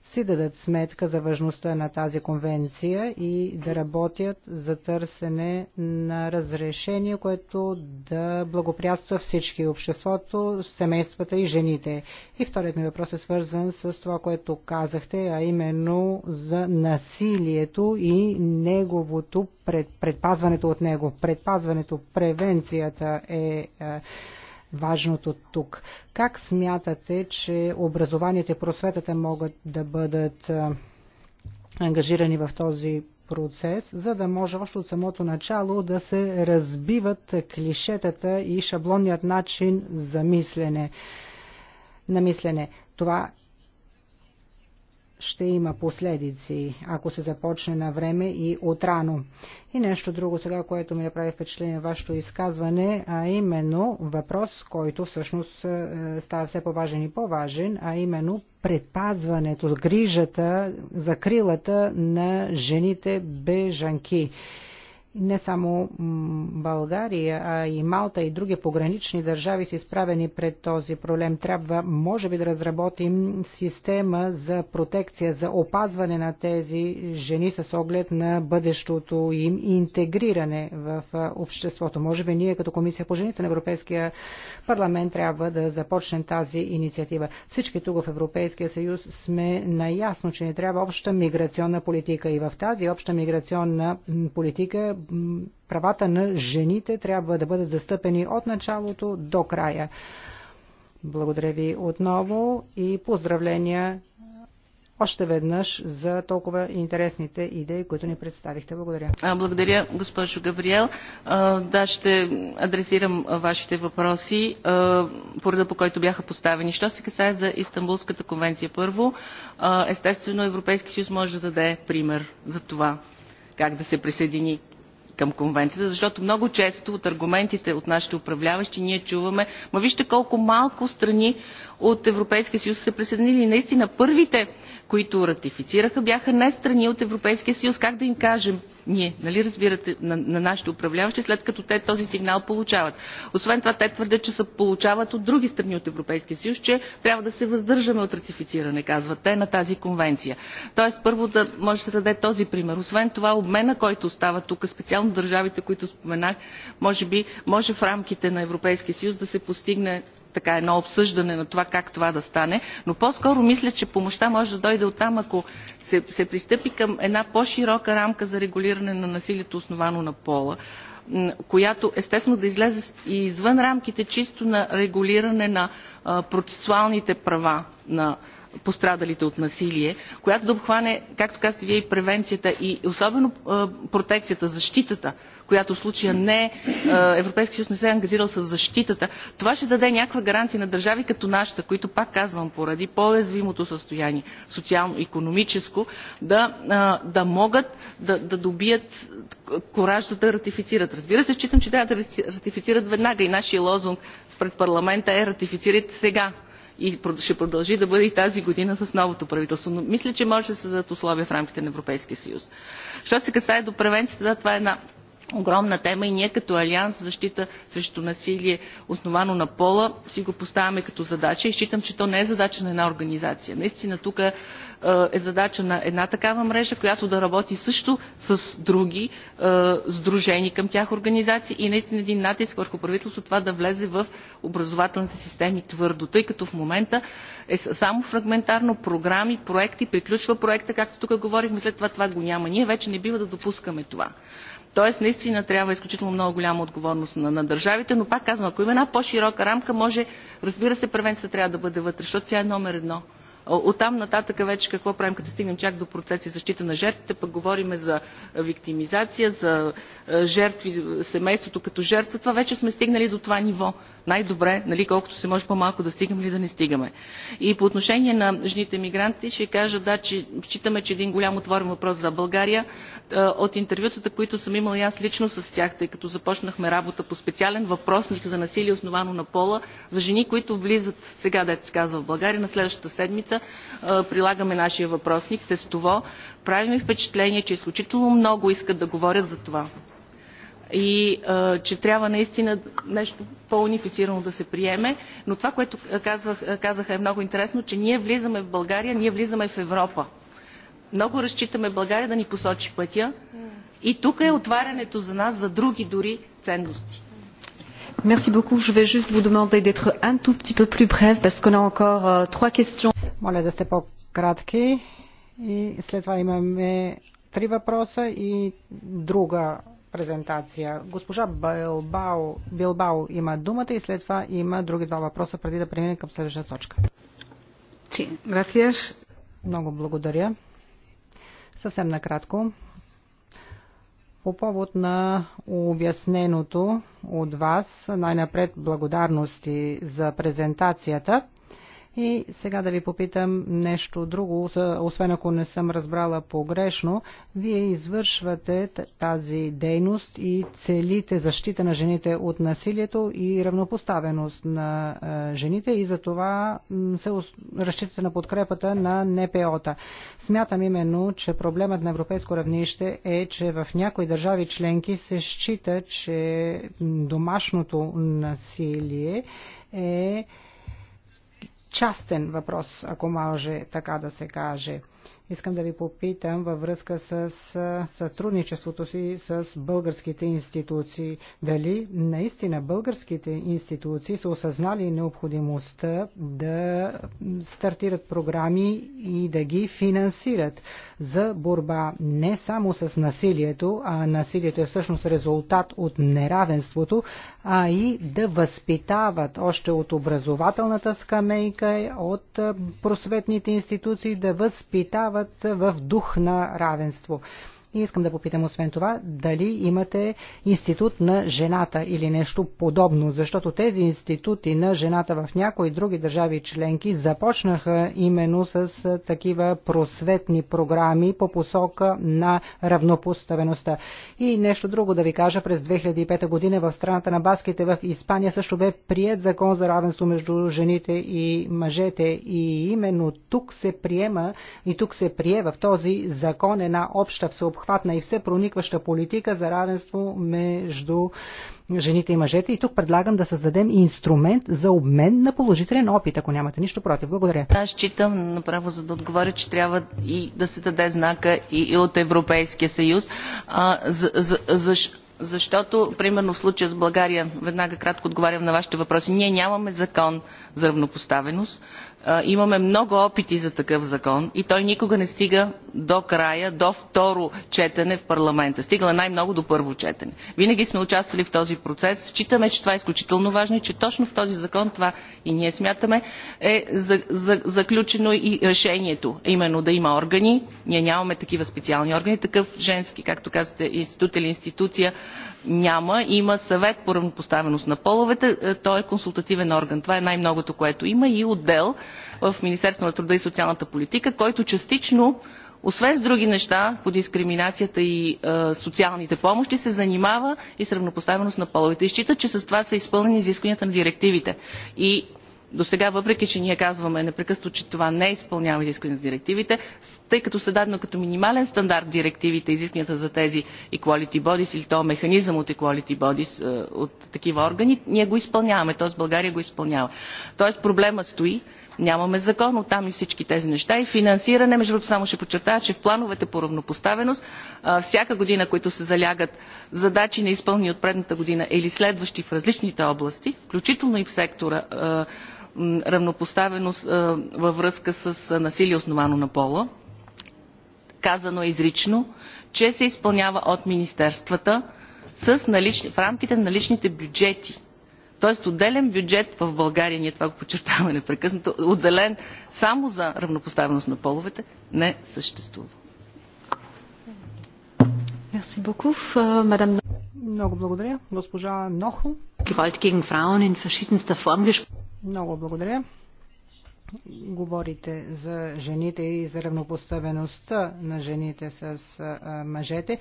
S1: си дадат сметка за важността на тази конвенция и да работят за търсене на разрешение, което да благоприятства всички обществото, семействата и жените. И вторият ми въпрос е свързан с това, което казахте, а именно за насилието и неговото пред, предпазването от него. Предпазването, превенцията е, е важното тук. Как смятате, че образованието и просветата могат да бъдат ангажирани в този процес, за да може още от самото начало да се разбиват клишетата и шаблонният начин за мислене, на мислене. Това ще има последици, ако се започне на време и отрано. И нещо друго сега, което ми направи впечатление на вашето изказване, а именно въпрос, който всъщност е, става все по-важен и по-важен, а именно предпазването, грижата, закрилата на жените бежанки не само България, а и Малта и други погранични държави са изправени пред този проблем. Трябва, може би, да разработим система за протекция, за опазване на тези жени с оглед на бъдещото им интегриране в обществото. Може би ние като Комисия по жените на Европейския парламент трябва да започнем тази инициатива. Всички тук в Европейския съюз сме наясно, че не трябва обща миграционна политика и в тази обща миграционна политика правата на жените трябва да бъдат застъпени от началото до края. Благодаря ви отново и поздравления още веднъж за толкова интересните идеи, които ни представихте. Благодаря. Благодаря, госпожо Габриел. Да,
S4: ще адресирам вашите въпроси по реда, по който бяха поставени. Що се касае за Истанбулската конвенция първо, естествено Европейски съюз може да даде пример за това как да се присъедини към конвенцията, защото много често от аргументите от нашите управляващи ние чуваме, вижте колко малко страни от Европейския съюз се присъединили. Наистина първите, които ратифицираха, бяха не страни от Европейския съюз. Как да им кажем ние, нали разбирате, на, на нашите управляващи, след като те този сигнал получават. Освен това, те твърдят, че се получават от други страни от Европейския съюз, че трябва да се въздържаме от ратифициране, казват те, на тази конвенция. Тоест, първо да може да се даде този пример. Освен това, обмена, който става тук, специално държавите, които споменах, може би може в рамките на Европейския съюз да се постигне така едно обсъждане на това как това да стане, но по-скоро мисля, че помощта може да дойде оттам, ако се, се пристъпи към една по-широка рамка за регулиране на насилието основано на пола, която естествено да излезе и извън рамките чисто на регулиране на процесуалните права на пострадалите от насилие, която да обхване, както казахте вие, и превенцията и особено протекцията, защитата, която в случая не Европейския съюз не се е ангазирал с защитата, това ще даде някаква гаранция на държави като нашата, които, пак казвам, поради по-уязвимото състояние, социално-економическо, да, да могат да, да добият кораж за да ратифицират. Разбира се, считам, че трябва да ратифицират веднага и нашия лозунг пред парламента е ратифицирайте сега и ще продължи да бъде и тази година с новото правителство. Но мисля, че може да се създадат условия в рамките на Европейския съюз. Що се касае до превенцията, да, това е една огромна тема и ние като Алианс за защита срещу насилие, основано на пола, си го поставяме като задача и считам, че то не е задача на една организация. Наистина тук е, е задача на една такава мрежа, която да работи също с други е, сдружени към тях организации и наистина един натиск върху правителството това да влезе в образователните системи твърдо, тъй като в момента е само фрагментарно програми, проекти, приключва проекта, както тук говорихме, след това това го няма. Ние вече не бива да допускаме това. Тоест, наистина трябва изключително много голяма отговорност на, на държавите, но пак казвам, ако има една по-широка рамка, може, разбира се, превенцията трябва да бъде вътре, защото тя е номер едно. Оттам нататък вече какво правим, като стигнем чак до процеси защита на жертвите, пък говорим за виктимизация, за жертви, семейството като жертва. Това вече сме стигнали до това ниво. Най-добре, нали, колкото се може по-малко да стигаме или да не стигаме. И по отношение на жените мигранти ще кажа, да, че считаме, че един голям отворен въпрос за България. От интервютата, които съм имала и аз лично с тях, тъй като започнахме работа по специален въпросник за насилие, основано на пола, за жени, които влизат сега, дете се казва, в България на следващата седмица, прилагаме нашия въпросник тестово. Прави ми впечатление, че изключително много искат да говорят за това. И че трябва наистина нещо по-унифицирано да се приеме. Но това, което казах, казаха е много интересно, че ние влизаме в България, ние влизаме в Европа. Много разчитаме България да ни посочи пътя. И тук е отварянето за нас, за други дори ценности.
S1: Merci beaucoup. Je vais juste vous demander d'être un tout petit peu plus bref parce qu'on a encore euh, trois questions. Моля да сте по-кратки. И след това имаме три въпроса и друга презентация. Госпожа Билбао, Билбао има думата и след това има други два въпроса преди да преминем към следващата точка. Sí, gracias. Много благодаря. Съвсем накратко. По повод на обясненото от вас, най-напред благодарности за презентацията. И сега да ви попитам нещо друго, освен ако не съм разбрала погрешно. Вие извършвате тази дейност и целите защита на жените от насилието и равнопоставеност на е, жените и за това се разчитате на подкрепата на НПО-та. Смятам именно, че проблемът на европейско равнище е, че в някои държави членки се счита, че домашното насилие е частен въпрос, ако може така да се каже. Искам да ви попитам във връзка с сътрудничеството си с българските институции. Дали наистина българските институции са осъзнали необходимостта да стартират програми и да ги финансират за борба не само с насилието, а насилието е всъщност резултат от неравенството, а и да възпитават още от образователната скамейка, от просветните институции да възпитават решават в дух на равенство. И искам да попитам освен това, дали имате институт на жената или нещо подобно, защото тези институти на жената в някои други държави членки започнаха именно с такива просветни програми по посока на равнопоставеността. И нещо друго да ви кажа, през 2005 година в страната на баските в Испания също бе прият закон за равенство между жените и мъжете и именно тук се приема и тук се прие в този закон една обща всеобхватна всеобхватна и все проникваща политика за равенство между жените и мъжете. И тук предлагам да създадем инструмент за обмен на положителен опит, ако нямате нищо против. Благодаря.
S4: Аз считам направо, за да отговоря, че трябва и да се даде знака и, и от Европейския съюз. А, за, за, за, защото, примерно в случая с България, веднага кратко отговарям на вашите въпроси, ние нямаме закон за равнопоставеност. Имаме много опити за такъв закон и той никога не стига до края, до второ четене в парламента. Стигала най-много до първо четене. Винаги сме участвали в този процес. Считаме, че това е изключително важно и че точно в този закон това и ние смятаме е за, за, заключено и решението. Именно да има органи. Ние нямаме такива специални органи. Такъв женски, както казвате, институт или институция няма. Има съвет по равнопоставеност на половете. Е, той е консултативен орган. Това е най-многото, което има и отдел в Министерството на труда и социалната политика, който частично освен с други неща по дискриминацията и е, социалните помощи, се занимава и с равнопоставеност на половите И считат, че с това са изпълнени изискванията на директивите. И до сега, въпреки че ние казваме непрекъснато, че това не изпълнява изискванията на директивите, тъй като се дадено като минимален стандарт директивите, изискванията за тези equality bodies или то механизъм от equality bodies, от такива органи, ние го изпълняваме, т.е. България го изпълнява. Тоест, проблема стои нямаме закон оттам и всички тези неща и финансиране между другото само ще подчертая че в плановете по равнопоставеност всяка година които се залягат задачи изпълни от предната година или следващи в различните области включително и в сектора равнопоставеност във връзка с насилие основано на пола казано е изрично че се изпълнява от министерствата в рамките на наличните бюджети Тоест отделен бюджет в България, ние това го подчертаваме непрекъснато, отделен само за равнопоставеност на половете, не съществува.
S1: Мерси beaucoup, Мадам euh, Много благодаря. Госпожа Нохо. Gewalt gegen Frauen in verschiedenster Form Много благодаря. Говорите за жените и за равнопоставеността на жените с мъжете.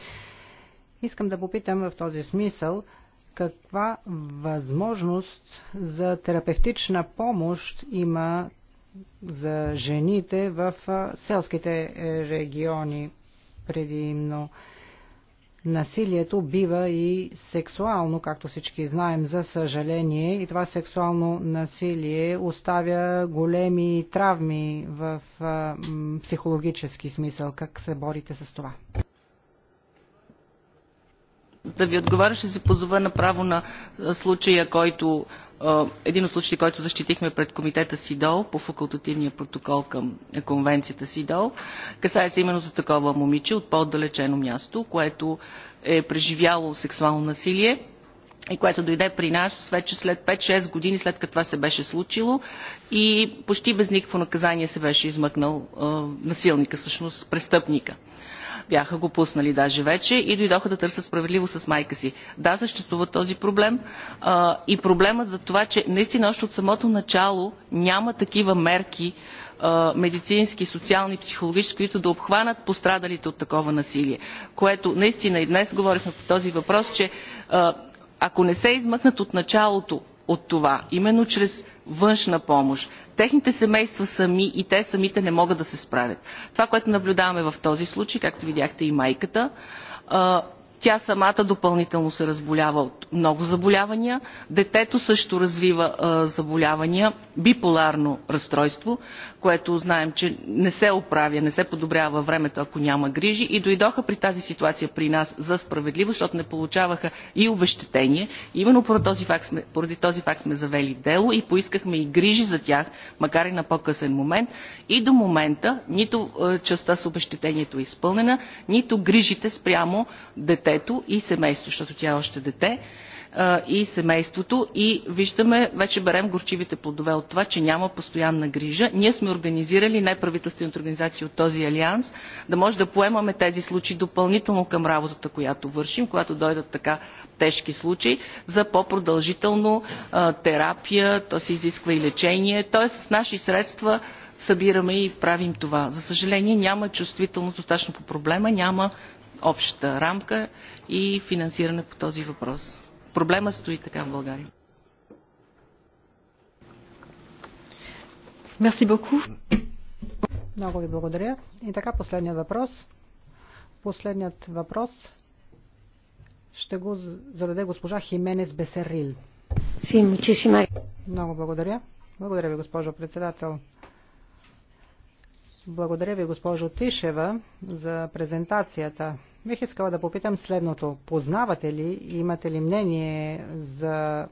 S1: Искам да попитам в този смисъл каква възможност за терапевтична помощ има за жените в селските региони предимно. Насилието бива и сексуално, както всички знаем, за съжаление, и това сексуално насилие оставя големи травми в психологически смисъл. Как се борите с това?
S4: да ви отговоря, ще се позова направо на случая, който един от случаите, който защитихме пред комитета СИДОЛ по факултативния протокол към конвенцията СИДОЛ. Касае се именно за такова момиче от по-отдалечено място, което е преживяло сексуално насилие и което дойде при нас вече след 5-6 години след като това се беше случило и почти без никакво наказание се беше измъкнал насилника, всъщност престъпника бяха го пуснали даже вече и дойдоха да търсят справедливост с майка си. Да, съществува този проблем а, и проблемът за това, че наистина още от самото начало няма такива мерки, медицински, социални, психологически, които да обхванат пострадалите от такова насилие. Което наистина и днес говорихме по този въпрос, че ако не се измъкнат от началото от това, именно чрез външна помощ. Техните семейства сами и те самите не могат да се справят. Това, което наблюдаваме в този случай, както видяхте и майката, тя самата допълнително се разболява от много заболявания, детето също развива а, заболявания, биполарно разстройство, което знаем, че не се оправя, не се подобрява във времето, ако няма грижи и дойдоха при тази ситуация при нас за справедливост, защото не получаваха и обещетение. Именно поради този факт сме, поради този факт сме завели дело и поискахме и грижи за тях, макар и на по-късен момент. И до момента нито частта с обещетението е изпълнена, нито грижите спрямо детето детето и семейството, защото тя е още дете, и семейството и виждаме, вече берем горчивите плодове от това, че няма постоянна грижа. Ние сме организирали неправителствените организации от този алианс, да може да поемаме тези случаи допълнително към работата, която вършим, когато дойдат така тежки случаи, за по-продължително терапия, то се изисква и лечение, т.е. с наши средства събираме и правим това. За съжаление няма чувствителност достатъчно по проблема, няма общата рамка и финансиране по този въпрос. Проблема стои така в България.
S1: Мерси Боку. Много ви благодаря. И така последният въпрос. Последният въпрос ще го зададе госпожа Хименес Бесерил. Си, Много благодаря. Благодаря ви, госпожо председател. Благодаря ви, госпожо Тишева, за презентацията. Бих искала да попитам следното. Познавате ли, имате ли мнение за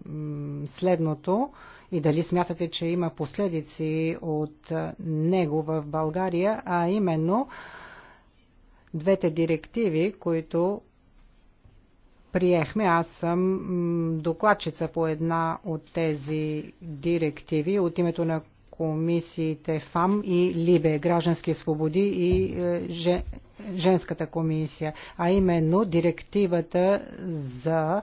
S1: следното и дали смятате, че има последици от него в България, а именно двете директиви, които приехме. Аз съм докладчица по една от тези директиви, от името на комисиите ФАМ и ЛИБЕ, граждански свободи и е, женската комисия, а именно директивата за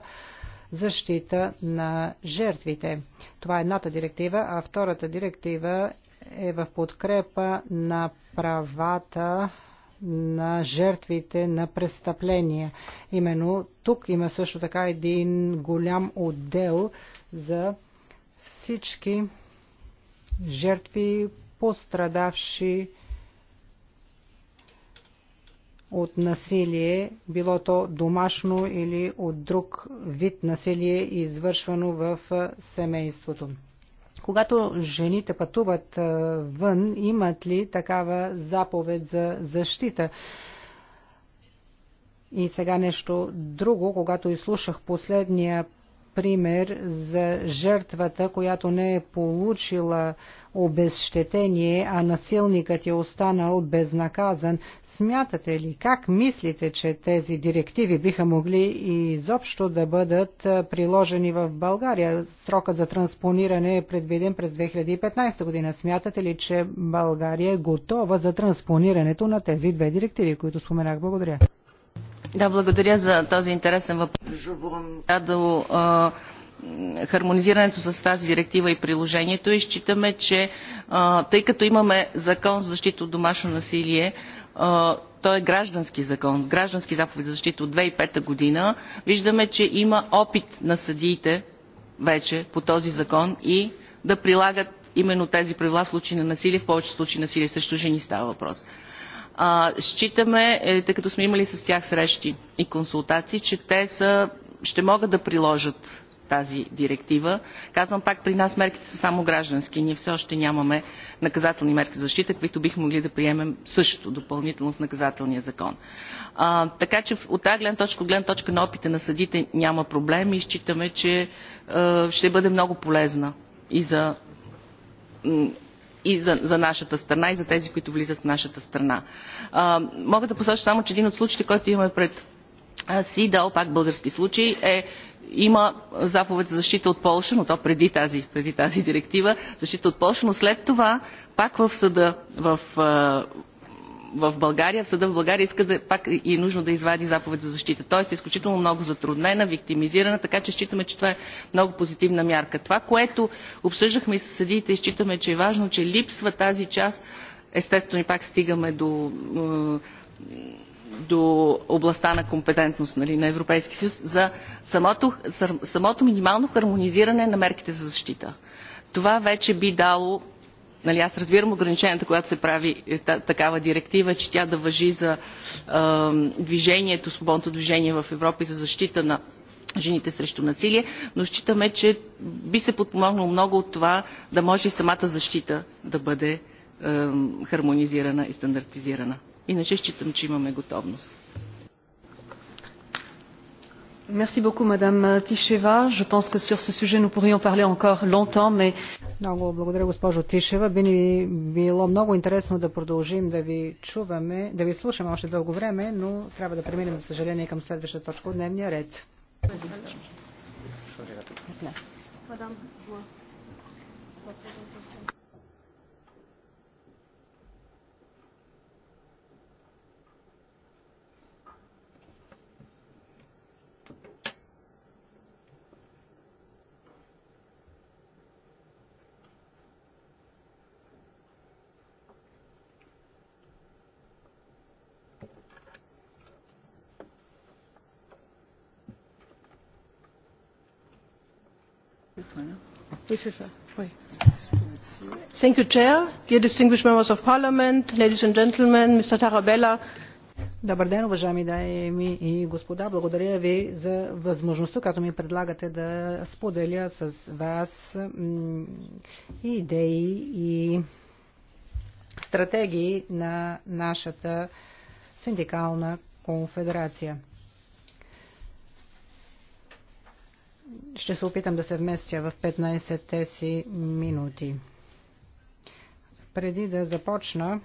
S1: защита на жертвите. Това е едната директива, а втората директива е в подкрепа на правата на жертвите на престъпления. Именно тук има също така един голям отдел за всички жертви, пострадавши от насилие, било то домашно или от друг вид насилие, извършвано в семейството. Когато жените пътуват вън, имат ли такава заповед за защита? И сега нещо друго, когато изслушах последния пример за жертвата, която не е получила обезщетение, а насилникът е останал безнаказан. Смятате ли, как мислите, че тези директиви биха могли изобщо да бъдат приложени в България? Срокът за транспониране е предвиден през 2015 година. Смятате ли, че България е готова за транспонирането на тези две директиви, които споменах? Благодаря.
S4: Да, благодаря за този интересен въпрос. Да, до хармонизирането с тази директива и приложението и считаме, че тъй като имаме закон за защита от домашно насилие, той е граждански закон, граждански заповед за защита от 2005 година, виждаме, че има опит на съдиите вече по този закон и да прилагат именно тези правила в случай на насилие, в повечето случаи насилие срещу жени става въпрос. Считаме, е, тъй като сме имали с тях срещи и консултации, че те са, ще могат да приложат тази директива. Казвам пак, при нас мерките са само граждански. Ние все още нямаме наказателни мерки за защита, които бих могли да приемем също допълнително в наказателния закон. А, така че от тази гледна точка, от гледна точка на опита на съдите няма проблем и считаме, че а, ще бъде много полезна и за и за, за нашата страна и за тези, които влизат в нашата страна. А, мога да посоча само, че един от случаите, който имаме пред СИДАЛ, пак български случай, е има заповед за защита от Польша, но то преди тази, преди тази директива, защита от Польша, но след това пак в съда в в България, в съда в България иска да, пак и е нужно да извади заповед за защита. Тоест е изключително много затруднена, виктимизирана, така че считаме, че това е много позитивна мярка. Това, което обсъждахме и с съдиите и считаме, че е важно, че липсва тази част, естествено и пак стигаме до до областта на компетентност нали, на Европейския съюз за самото, самото минимално хармонизиране на мерките за защита. Това вече би дало нали, аз разбирам ограниченията, когато се прави е, такава директива, че тя да въжи за е, движението, свободното движение в Европа и за защита на жените срещу насилие, но считаме, че би се подпомогнало много от това да може и самата защита да бъде е, хармонизирана и стандартизирана. Иначе считам, че имаме готовност.
S1: Merci beaucoup, Madame Ticheva. Je pense que sur ce sujet, nous pourrions parler encore longtemps, mais много благодаря, госпожо Тишева. Би ни било много интересно да продължим да ви чуваме, да ви слушаме още дълго време, но трябва да преминем, за съжаление, към следващата точка от дневния ред. Мадам. Добър ден, уважаеми дами и господа. Благодаря ви за възможността, която ми предлагате да споделя с вас и идеи и стратегии на нашата синдикална конфедерация. ще се опитам да се вместя в 15-те си минути. Преди да започна,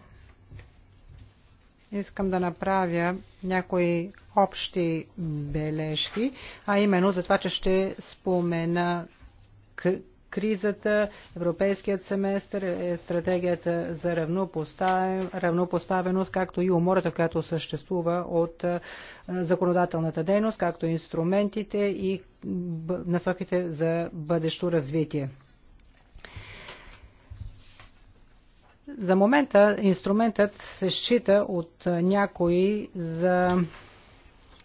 S1: искам да направя някои общи бележки, а именно за това, че ще спомена кризата, европейският семестър, е стратегията за равнопоставеност, както и умората, която съществува от законодателната дейност, както и инструментите и насоките за бъдещо развитие. За момента инструментът се счита от някои за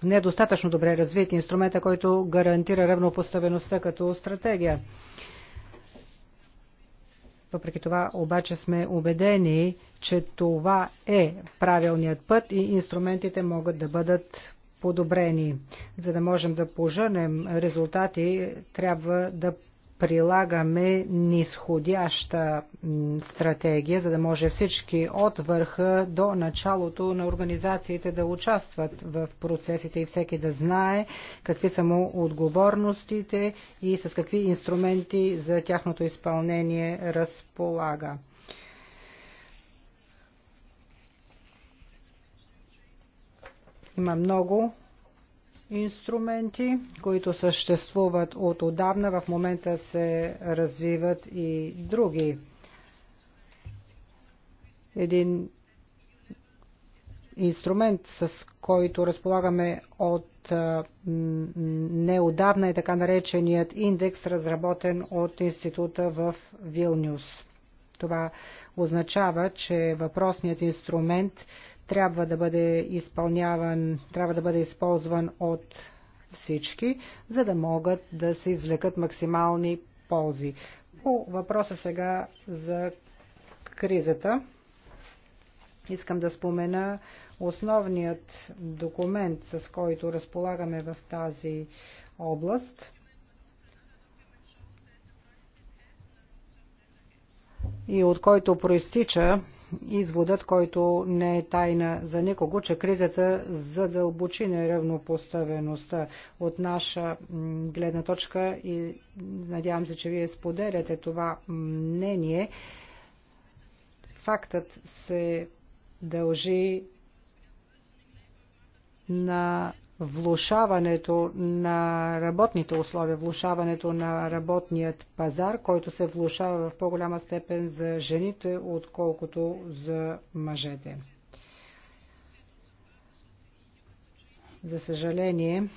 S1: недостатъчно добре развит инструмента, който гарантира равнопоставеността като стратегия. Въпреки това обаче сме убедени, че това е правилният път и инструментите могат да бъдат подобрени. За да можем да пожърнем резултати, трябва да прилагаме нисходяща стратегия, за да може всички от върха до началото на организациите да участват в процесите и всеки да знае какви са му отговорностите и с какви инструменти за тяхното изпълнение разполага. Има много инструменти, които съществуват от отдавна. В момента се развиват и други. Един инструмент, с който разполагаме от неодавна е така нареченият индекс, разработен от института в Вилнюс. Това означава, че въпросният инструмент е трябва да бъде изпълняван, трябва да бъде използван от всички, за да могат да се извлекат максимални ползи. По въпроса сега за кризата, искам да спомена основният документ, с който разполагаме в тази област. И от който проистича изводът, който не е тайна за никого, че кризата задълбочи неравнопоставеността от наша гледна точка и надявам се, че вие споделяте това мнение. Фактът се дължи на влушаването на работните условия, влушаването на работният пазар, който се влушава в по-голяма степен за жените, отколкото за мъжете. За съжаление,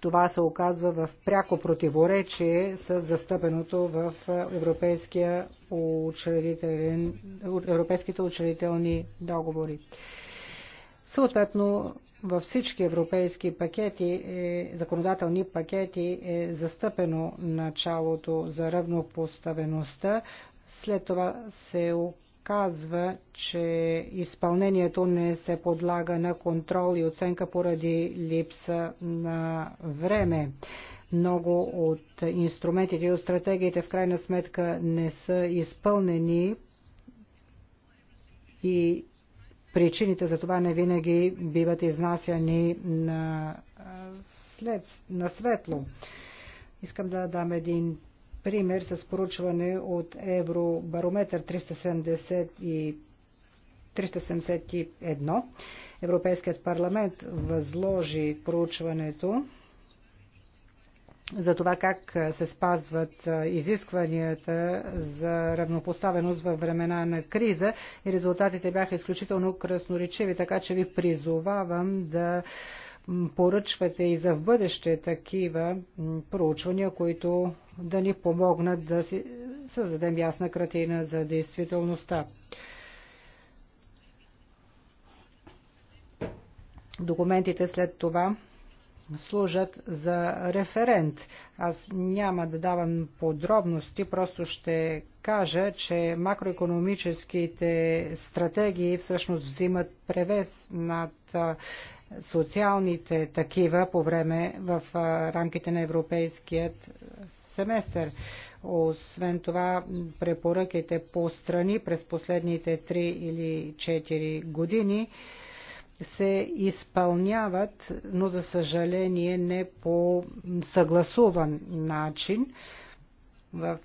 S1: това се оказва в пряко противоречие с застъпеното в европейските учредителни договори. Съответно, във всички европейски пакети, е, законодателни пакети е застъпено началото за равнопоставеността. След това се оказва, че изпълнението не се подлага на контрол и оценка поради липса на време. Много от инструментите и от стратегиите в крайна сметка не са изпълнени и причините за това не винаги биват изнасяни на, след, на светло. Искам да дам един пример с поручване от Евробарометър 370 и 371. Европейският парламент възложи проучването за това как се спазват изискванията за равнопоставеност във времена на криза и резултатите бяха изключително красноречиви, така че ви призовавам да поръчвате и за в бъдеще такива проучвания, които да ни помогнат да си създадем ясна картина за действителността. Документите след това служат за референт. Аз няма да давам подробности, просто ще кажа, че макроекономическите стратегии всъщност взимат превес над социалните такива по време в рамките на европейският семестър. Освен това, препоръките по страни през последните 3 или 4 години се изпълняват, но за съжаление не по съгласуван начин. В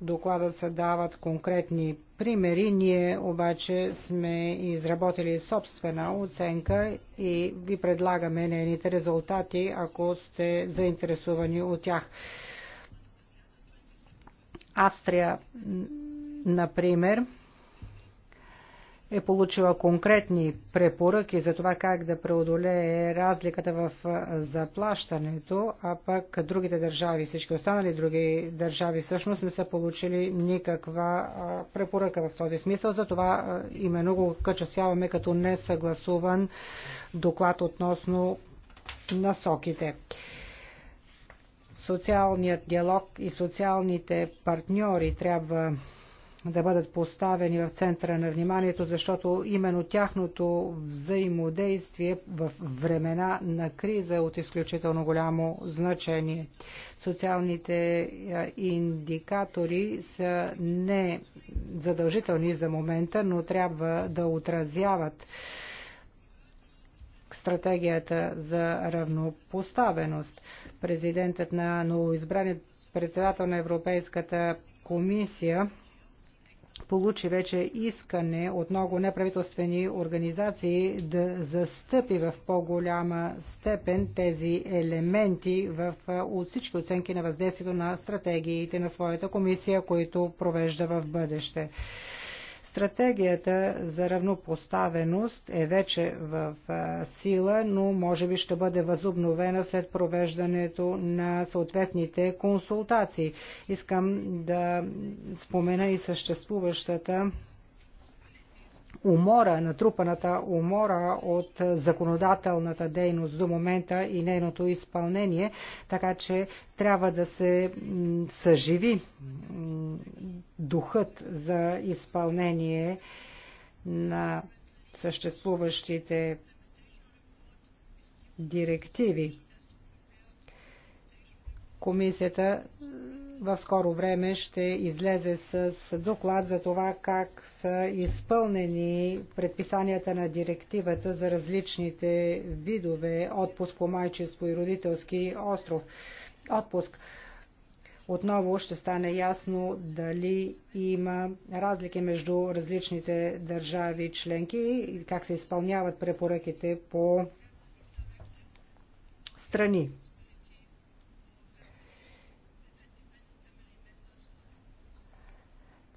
S1: доклада се дават конкретни примери, ние обаче сме изработили собствена оценка и ви предлагаме нейните резултати, ако сте заинтересувани от тях. Австрия, например, е получила конкретни препоръки за това как да преодолее разликата в заплащането, а пък другите държави, всички останали други държави всъщност не са получили никаква препоръка в този смисъл. За това именно го качасяваме като несъгласуван доклад относно насоките социалният диалог и социалните партньори трябва да бъдат поставени в центъра на вниманието, защото именно тяхното взаимодействие в времена на криза е от изключително голямо значение. Социалните индикатори са не задължителни за момента, но трябва да отразяват стратегията за равнопоставеност. Президентът на новоизбраният председател на Европейската комисия получи вече искане от много неправителствени организации да застъпи в по-голяма степен тези елементи в, от всички оценки на въздействието на стратегиите на своята комисия, които провежда в бъдеще. Стратегията за равнопоставеност е вече в сила, но може би ще бъде възобновена след провеждането на съответните консултации. Искам да спомена и съществуващата умора, натрупаната умора от законодателната дейност до момента и нейното изпълнение, така че трябва да се съживи духът за изпълнение на съществуващите директиви. Комисията в скоро време ще излезе с доклад за това как са изпълнени предписанията на директивата за различните видове отпуск по майчество и родителски остров. Отпуск. Отново ще стане ясно дали има разлики между различните държави членки и как се изпълняват препоръките по страни.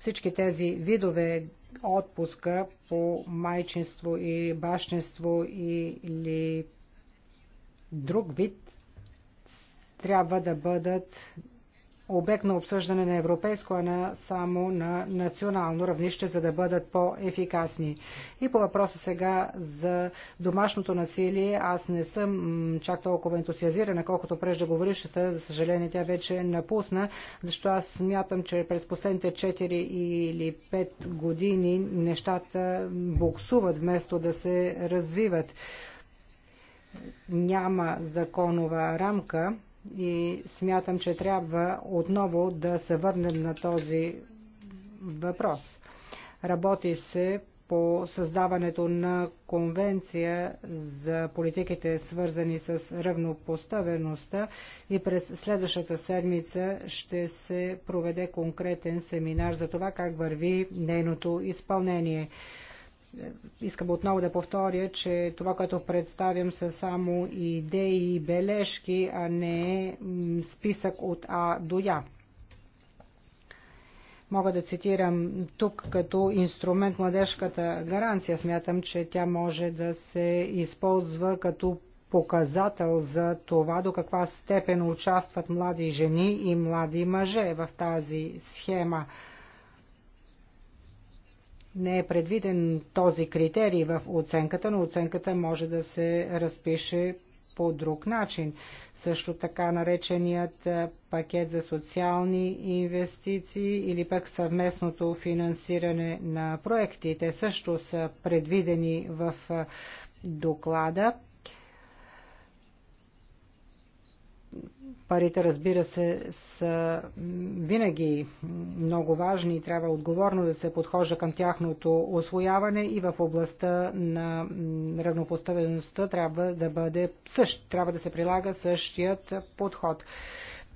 S1: всички тези видове отпуска по майчинство и бащинство или друг вид трябва да бъдат обект на обсъждане на европейско, а не само на национално равнище, за да бъдат по-ефикасни. И по въпроса сега за домашното насилие, аз не съм чак толкова ентусиазирана, колкото говорищата, за съжаление тя вече е напусна, защото аз смятам, че през последните 4 или 5 години нещата буксуват вместо да се развиват. Няма законова рамка, и смятам, че трябва отново да се върнем на този въпрос. Работи се по създаването на конвенция за политиките свързани с равнопоставеността и през следващата седмица ще се проведе конкретен семинар за това как върви нейното изпълнение искам отново да повторя, че това, което представям са само идеи и бележки, а не списък от А до Я. Мога да цитирам тук като инструмент младежката гаранция. Смятам, че тя може да се използва като показател за това до каква степен участват млади жени и млади мъже в тази схема не е предвиден този критерий в оценката, но оценката може да се разпише по друг начин. Също така нареченият пакет за социални инвестиции или пък съвместното финансиране на проекти. Те също са предвидени в доклада Парите, разбира се, са винаги много важни и трябва отговорно да се подхожда към тяхното освояване и в областта на равнопоставеността трябва да бъде същ, трябва да се прилага същият подход.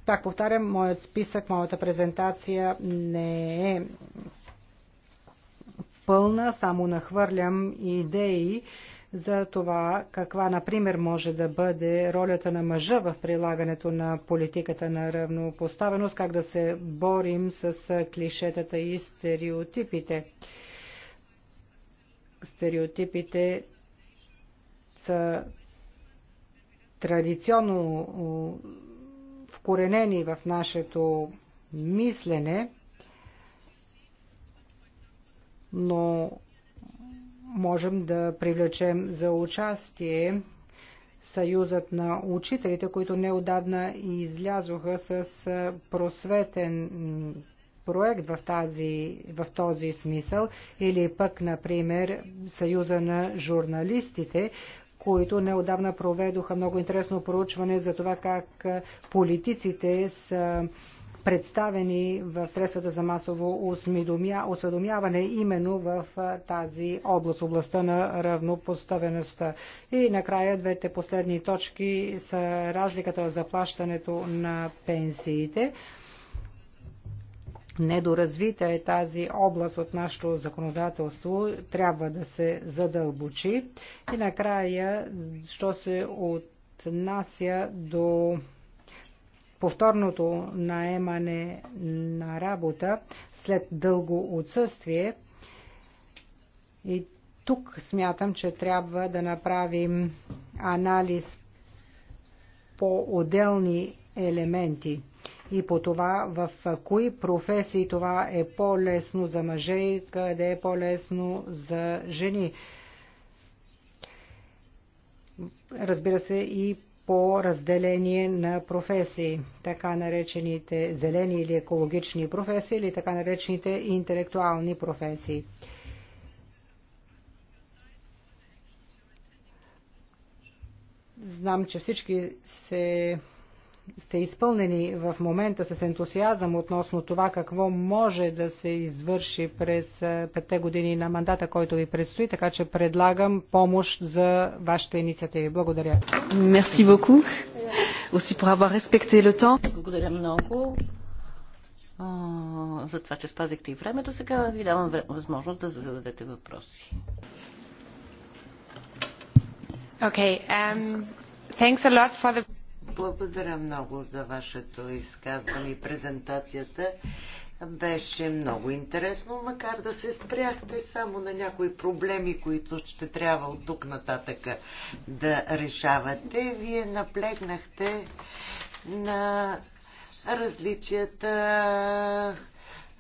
S1: Пак повтарям, моят списък, моята презентация не е пълна, само нахвърлям идеи, за това каква, например, може да бъде ролята на мъжа в прилагането на политиката на равнопоставеност, как да се борим с клишетата и стереотипите. Стереотипите са традиционно вкоренени в нашето мислене, но можем да привлечем за участие Съюзът на учителите, които неодавна излязоха с просветен проект в, тази, в този смисъл, или пък, например, Съюза на журналистите, които неодавна проведоха много интересно проучване за това как политиците са представени в средствата за масово осведомяване именно в тази област, областта на равнопоставеността. И накрая двете последни точки са разликата в заплащането на пенсиите. Недоразвита е тази област от нашето законодателство, трябва да се задълбочи. И накрая, що се отнася до повторното наемане на работа след дълго отсъствие. И тук смятам, че трябва да направим анализ по отделни елементи и по това в кои професии това е по-лесно за мъже и къде е по-лесно за жени. Разбира се и по разделение на професии, така наречените зелени или екологични професии или така наречените интелектуални професии. Знам, че всички се сте изпълнени в момента с ентусиазъм относно това какво може да се извърши през петте години на мандата, който ви предстои, така че предлагам помощ за вашите инициативи. Благодаря. Мерси боку. Оси pour avoir и лето. Благодаря
S2: много за това, че спазихте и времето. Сега ви давам възможност да зададете въпроси.
S1: Okay, um, thanks a lot for the...
S3: Благодаря много за вашето изказване и презентацията. Беше много интересно, макар да се спряхте само на някои проблеми, които ще трябва от тук нататък да решавате. Вие наплегнахте на различията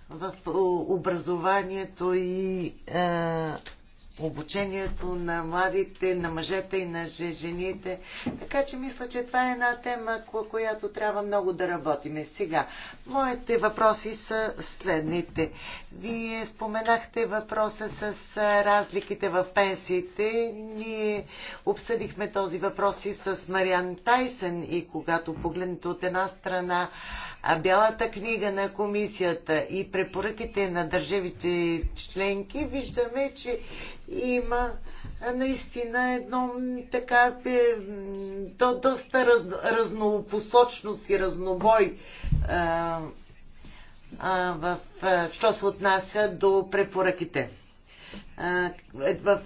S3: в образованието и а, е, обучението на младите, на мъжете и на жените. Така че мисля, че това е една тема, която трябва много да работиме. Сега, моите въпроси са следните. Вие споменахте въпроса с разликите в пенсиите. Ние обсъдихме този въпрос и с Мариан Тайсен и когато погледнете от една страна а Бялата книга на комисията и препоръките на държавите членки, виждаме, че има наистина едно така е, до, доста раз, разнопосочност и разнобой а, а, в, а, що се отнася до препоръките. в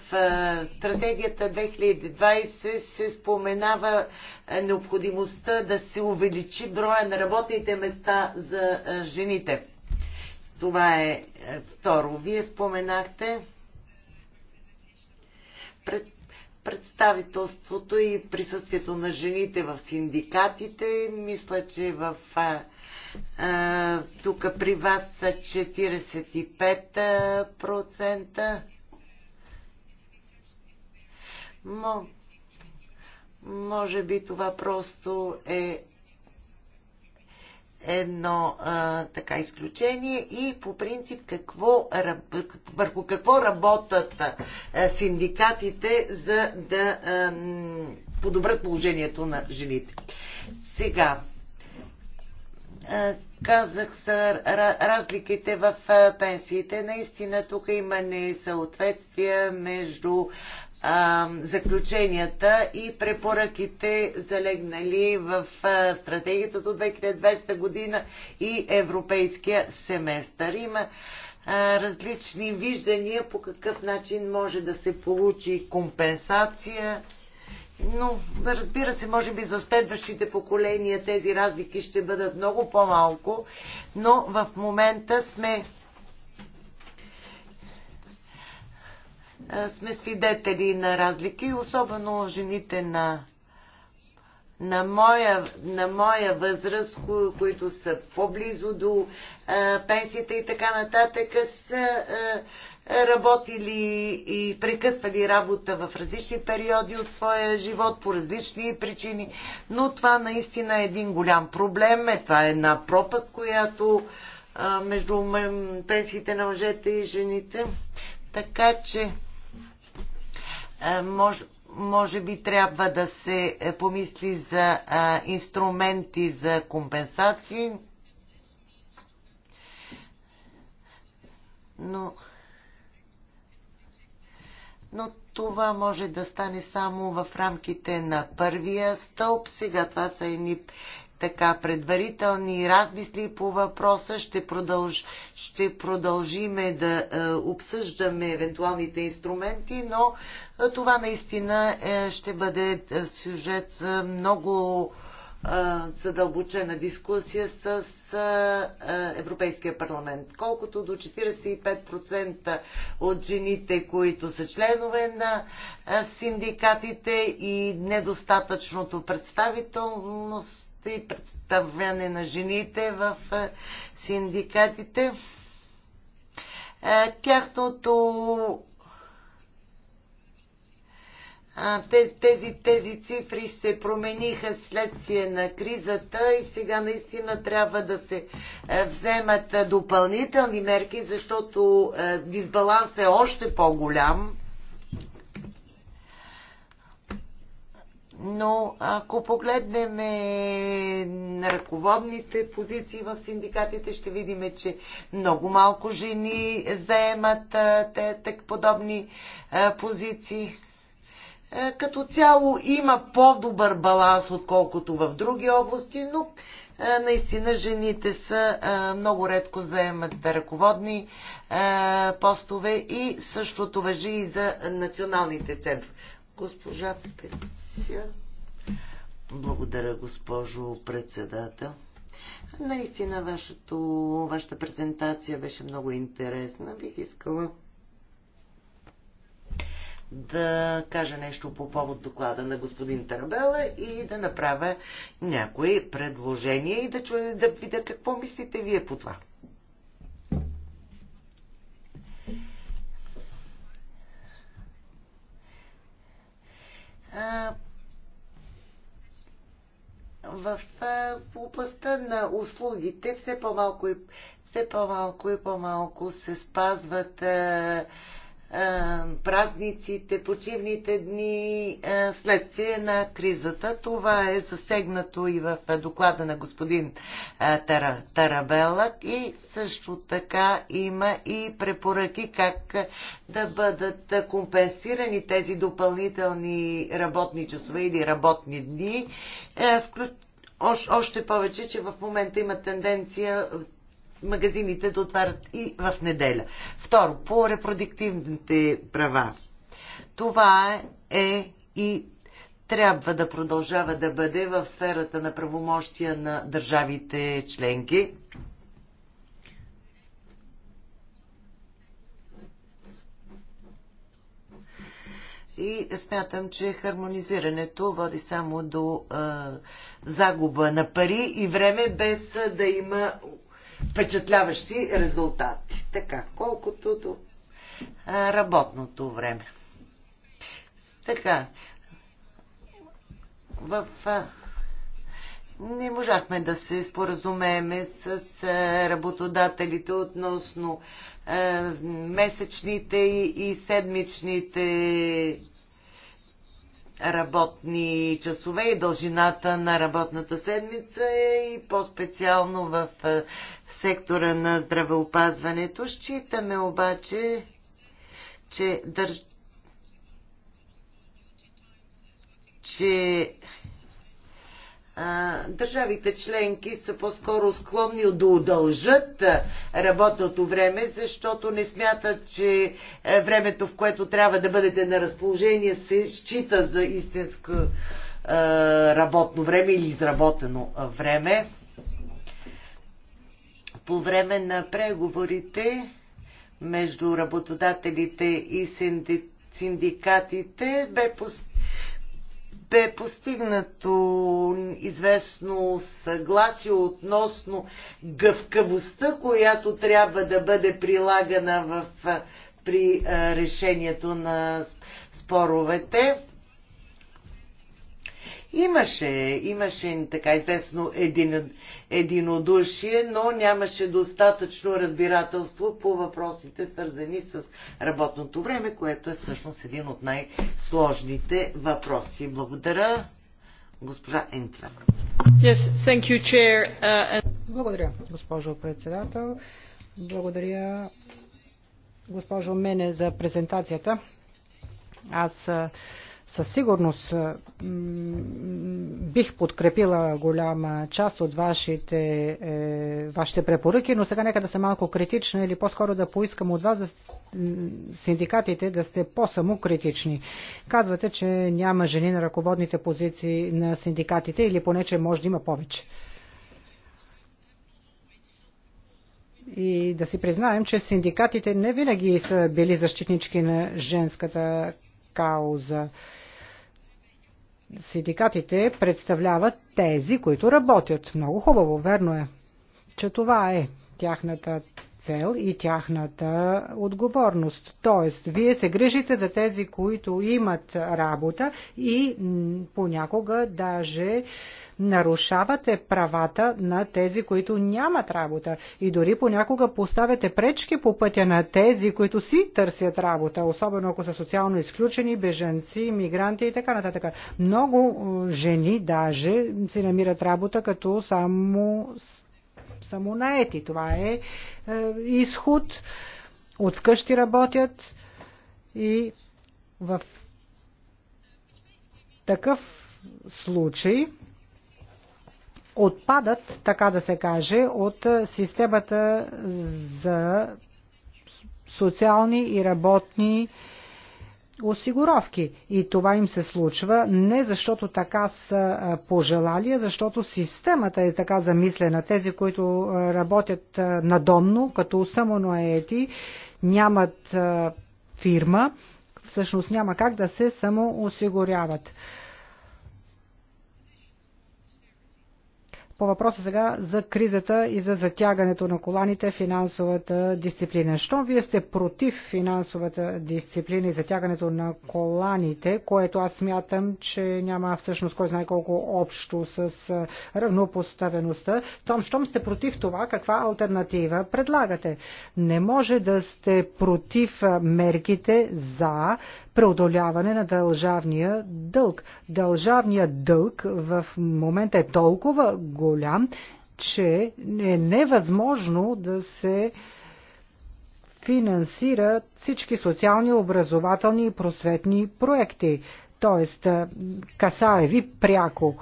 S3: стратегията 2020 се споменава необходимостта да се увеличи броя на работните места за жените. Това е второ. Вие споменахте пред представителството и присъствието на жените в синдикатите. Мисля, че в а, тук при вас са 45%. Мо, може би това просто е едно а, така изключение и по принцип какво, върху какво работят а, синдикатите за да а, подобрят положението на жените. Сега, казах са разликите в пенсиите. Наистина тук има несъответствия между заключенията и препоръките залегнали в стратегията до 2020 година и европейския семестър. Има различни виждания по какъв начин може да се получи компенсация но разбира се, може би за следващите поколения тези разлики ще бъдат много по-малко, но в момента сме сме свидетели на разлики, особено жените на, на, моя, на моя възраст, кои, които са по-близо до а, пенсията и така нататък, са а, работили и прекъсвали работа в различни периоди от своя живот по различни причини. Но това наистина е един голям проблем. Е, това е една пропаст, която а, между пенсиите на мъжете и жените. Така че е, може, може би трябва да се е, помисли за а, е, инструменти за компенсации. Но, но това може да стане само в рамките на първия стълб. Сега това са едни така предварителни размисли по въпроса. Ще, продълж, ще продължиме да е, обсъждаме евентуалните инструменти, но е, това наистина е, ще бъде е, сюжет за много е, задълбочена дискусия с е, е Европейския парламент. Колкото до 45% от жените, които са членове на е, синдикатите и недостатъчното представителност и представяне на жените в синдикатите. Тяхното тези, тези, тези цифри се промениха следствие на кризата и сега наистина трябва да се вземат допълнителни мерки, защото дисбаланс е още по-голям Но ако погледнем ръководните позиции в синдикатите, ще видим, че много малко жени заемат те, так подобни позиции. Като цяло има по-добър баланс, отколкото в други области, но наистина жените са много редко заемат ръководни постове и същото въжи и за националните центрове. Госпожа Петиция. Благодаря, госпожо председател. Наистина, вашето, вашата презентация беше много интересна. Бих искала да кажа нещо по повод доклада на господин Тарабела и да направя някои предложения и да чуя да видя какво мислите вие по това. в областта на услугите все по-малко и все по-малко и по-малко се спазват е, празниците, почивните дни, е, следствие на кризата. Това е засегнато и в доклада на господин е, Тарабелък и също така има и препоръки как да бъдат компенсирани тези допълнителни работни часове или работни дни, още повече, че в момента има тенденция магазините да отварят и в неделя. Второ, по репродуктивните права. Това е и трябва да продължава да бъде в сферата на правомощия на държавите членки. И смятам, че хармонизирането води само до а, загуба на пари и време, без да има впечатляващи резултати. Така, колкото до работното време. Така, в не можахме да се споразумееме с работодателите относно месечните и седмичните работни часове и дължината на работната седмица е и по-специално в сектора на здравеопазването. Считаме обаче, че, дър... че а, държавите членки са по-скоро склонни да удължат работното време, защото не смятат, че е, времето, в което трябва да бъдете на разположение, се счита за истинско работно време или изработено време по време на преговорите между работодателите и синдикатите бе, бе постигнато известно съгласие относно гъвкавостта, която трябва да бъде прилагана в... при решението на споровете. Имаше, имаше така известно един, единодушие, но нямаше достатъчно разбирателство по въпросите, свързани с работното време, което е всъщност един от най-сложните въпроси. Благодаря, госпожа Ентва.
S1: Yes, thank you, chair. Uh, and... Благодаря, госпожо председател. Благодаря, госпожо Мене, за презентацията. Аз uh, със сигурност бих подкрепила голяма част от вашите, е, вашите препоръки, но сега нека да съм малко критична или по-скоро да поискам от вас за синдикатите да сте по-самокритични. Казвате, че няма жени на ръководните позиции на синдикатите или поне, че може да има повече. И да си признаем, че синдикатите не винаги са били защитнички на женската кауза. Синдикатите представляват тези, които работят. Много хубаво, верно е, че това е тяхната цел и тяхната отговорност. Тоест, вие се грижите за тези, които имат работа и понякога даже нарушавате правата на тези, които нямат работа и дори понякога поставяте пречки по пътя на тези, които си търсят работа, особено ако са социално изключени, беженци, мигранти и така нататък. Много е, жени даже си намират работа като само самонаети. Това е, е изход. От вкъщи работят и в такъв случай отпадат, така да се каже, от системата за социални и работни осигуровки. И това им се случва не защото така са пожелали, а защото системата е така замислена. Тези, които работят надомно, като самонаети, нямат фирма, всъщност няма как да се самоосигуряват. по въпроса сега за кризата и за затягането на коланите финансовата дисциплина. Що вие сте против финансовата дисциплина и затягането на коланите, което аз смятам, че няма всъщност кой знае колко общо с равнопоставеността. Том, щом сте против това, каква альтернатива предлагате? Не може да сте против мерките за преодоляване на дължавния дълг. Дължавният дълг в момента е толкова голям, че е невъзможно да се финансират всички социални, образователни и просветни проекти. Тоест, касае ви пряко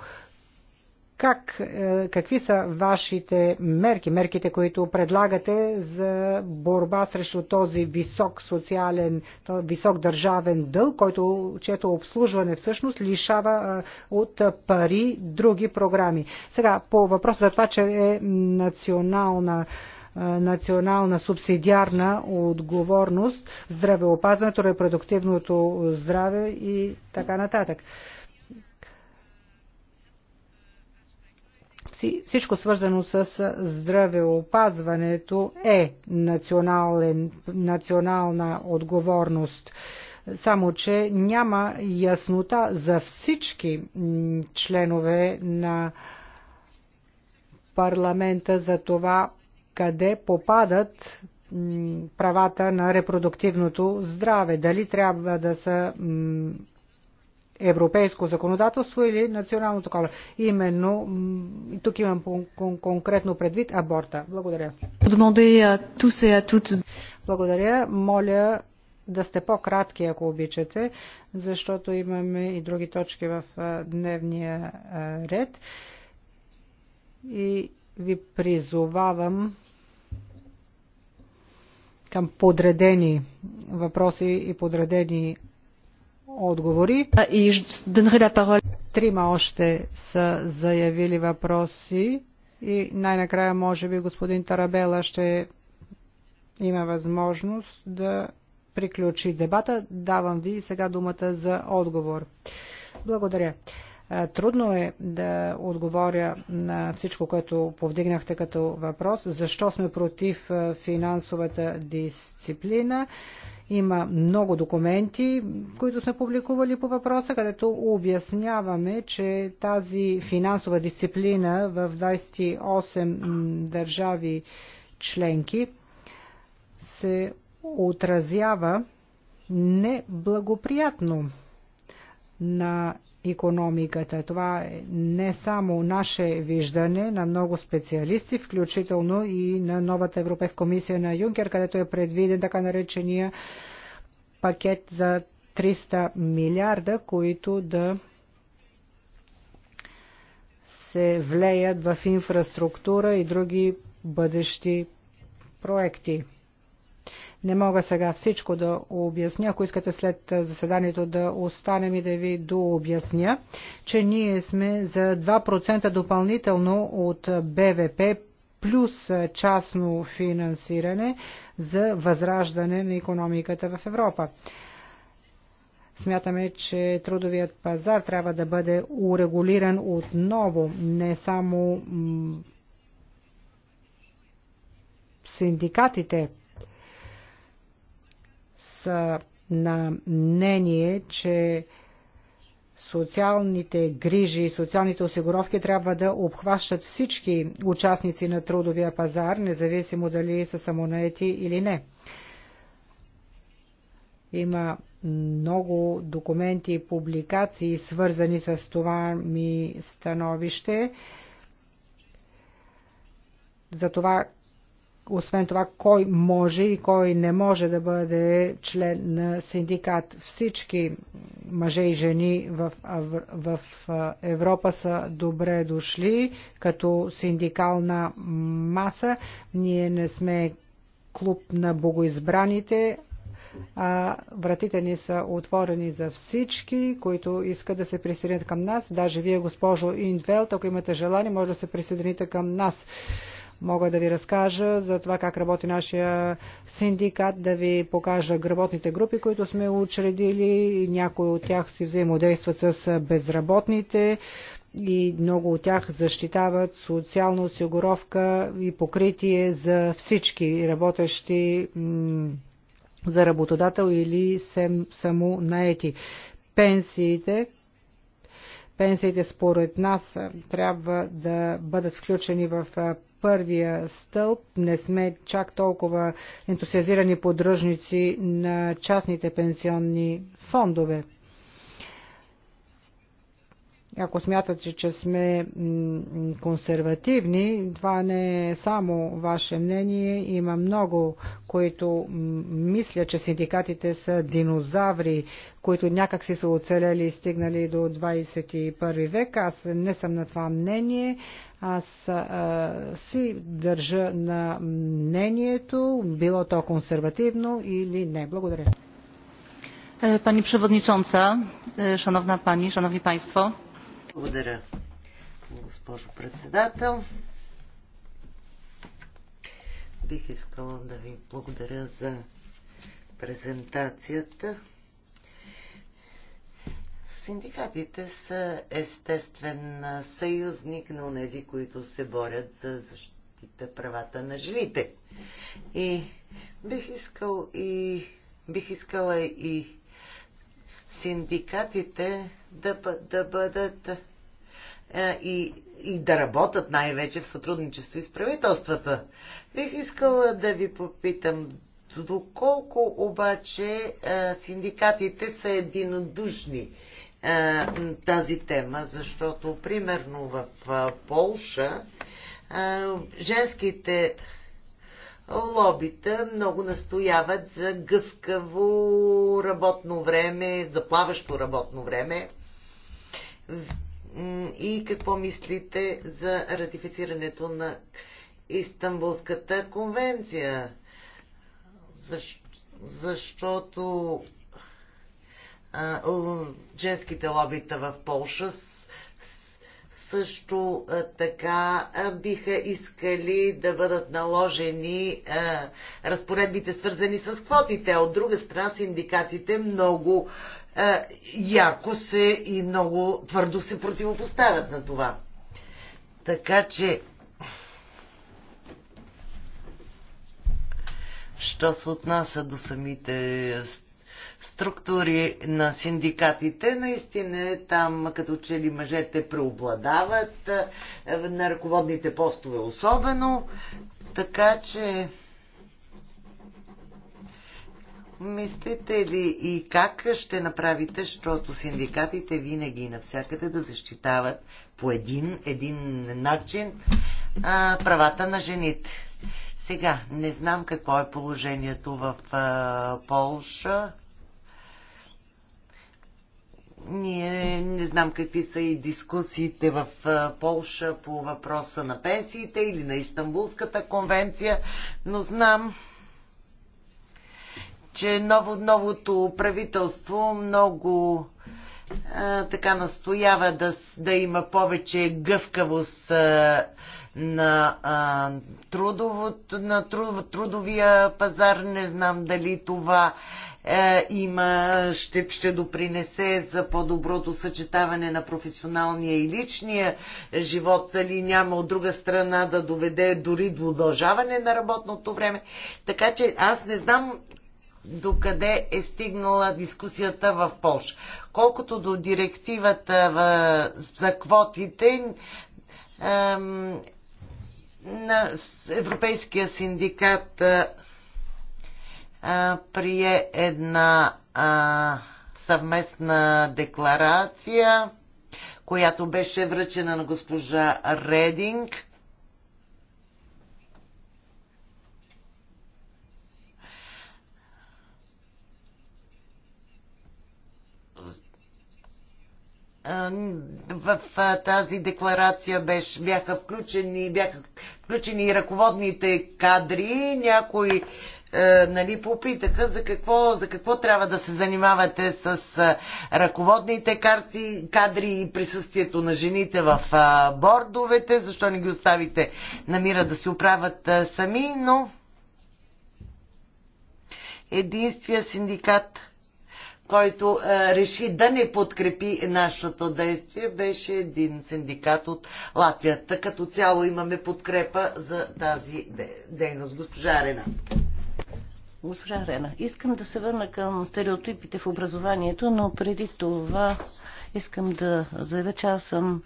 S1: как, е, какви са вашите мерки, мерките, които предлагате за борба срещу този висок социален, този висок държавен дълг, който, чето обслужване всъщност лишава е, от пари други програми? Сега, по въпроса за това, че е национална е, национална субсидиарна отговорност, здравеопазването, репродуктивното здраве и така нататък. всичко свързано с здравеопазването е национален, национална отговорност. Само, че няма яснота за всички членове на парламента за това къде попадат правата на репродуктивното здраве. Дали трябва да са европейско законодателство или националното такова. Именно тук имам конкретно предвид аборта. Благодаря. Благодаря. Моля да сте по-кратки, ако обичате, защото имаме и други точки в дневния ред. И ви призовавам към подредени въпроси и подредени отговори. Трима още са заявили въпроси и най-накрая може би господин Тарабела ще има възможност да приключи дебата. Давам ви сега думата за отговор. Благодаря. Трудно е да отговоря на всичко, което повдигнахте като въпрос. Защо сме против финансовата дисциплина? Има много документи, които сме публикували по въпроса, където обясняваме, че тази финансова дисциплина в 28 държави членки се отразява неблагоприятно на економиката. Това е не само наше виждане на много специалисти, включително и на новата Европейска комисия на Юнкер, където е предвиден така наречения пакет за 300 милиарда, които да се влеят в инфраструктура и други бъдещи проекти. Не мога сега всичко да обясня. Ако искате след заседанието да останем и да ви дообясня, че ние сме за 2% допълнително от БВП плюс частно финансиране за възраждане на економиката в Европа. Смятаме, че трудовият пазар трябва да бъде урегулиран отново, не само синдикатите са на мнение, че социалните грижи и социалните осигуровки трябва да обхващат всички участници на трудовия пазар, независимо дали са самонаети или не. Има много документи и публикации, свързани с това ми становище, за това освен това кой може и кой не може да бъде член на синдикат. Всички мъже и жени в, в Европа са добре дошли като синдикална маса. Ние не сме клуб на богоизбраните, а вратите ни са отворени за всички, които искат да се присъединят към нас. Даже вие, госпожо Индвел, ако имате желание, може да се присъедините към нас. Мога да ви разкажа за това как работи нашия синдикат, да ви покажа работните групи, които сме учредили. Някои от тях си взаимодействат с безработните и много от тях защитават социална осигуровка и покритие за всички работещи за работодател или само наети. Пенсиите, пенсиите според нас трябва да бъдат включени в първия стълб. Не сме чак толкова ентусиазирани поддръжници на частните пенсионни фондове ако смятате, че сме консервативни, това не е само ваше мнение. Има много, които мисля, че синдикатите са динозаври, които някак си са оцелели и стигнали до 21 век. Аз не съм на това мнение. Аз а, си държа на мнението, било то консервативно или не. Благодаря.
S2: Е, Пани Przewodnicząca, е, Szanowna Pani, Szanowni Państwo.
S3: Благодаря, госпожо председател. Бих искала да ви благодаря за презентацията. Синдикатите са естествен съюзник на тези, които се борят за защита правата на жените. И бих искал и бих искала и синдикатите да, да бъдат е, и, и да работят най-вече в сътрудничество и с правителствата. Бих искала да ви попитам, доколко обаче е, синдикатите са единодушни е, тази тема, защото примерно в Полша женските лобита много настояват за гъвкаво работно време, за плаващо работно време. И какво мислите за ратифицирането на Истанбулската конвенция? Защо, защото а, женските лобита в Полша също така биха искали да бъдат наложени разпоредбите свързани с квотите. От друга страна синдикатите много яко се и много твърдо се противопоставят на това. Така че Що се отнася до самите структури на синдикатите, наистина там като че ли мъжете преобладават, е, на ръководните постове особено, така че мислите ли и как ще направите, защото синдикатите винаги и навсякъде да защитават по един, един начин а, правата на жените? Сега, не знам какво е положението в а, Полша. Ние не знам какви са и дискусиите в Полша по въпроса на пенсиите или на Истанбулската конвенция, но знам, че ново, новото правителство много а, така настоява да, да има повече гъвкавост а, на, а, трудовото, на труд, трудовия пазар. Не знам дали това е, има, ще, ще допринесе за по-доброто съчетаване на професионалния и личния живот, или нали? няма от друга страна да доведе дори до удължаване на работното време. Така че аз не знам докъде е стигнала дискусията в Польша. Колкото до директивата в, за квотите, ем, на Европейския синдикат а, прие една а, съвместна декларация, която беше връчена на госпожа Рединг. в тази декларация беше, бяха, включени, бяха включени и ръководните кадри, някои е, нали, попитаха за какво, за какво трябва да се занимавате с е, ръководните карти, кадри и присъствието на жените в е, бордовете, защо не ги оставите на мира да се оправят сами, но единствия синдикат, който е, реши да не подкрепи нашето действие, беше един синдикат от Латвията. Като цяло имаме подкрепа за тази дейност. Госпожа Арена.
S2: Госпожа Рена, искам да се върна към стереотипите в образованието, но преди това искам да заявя, че аз съм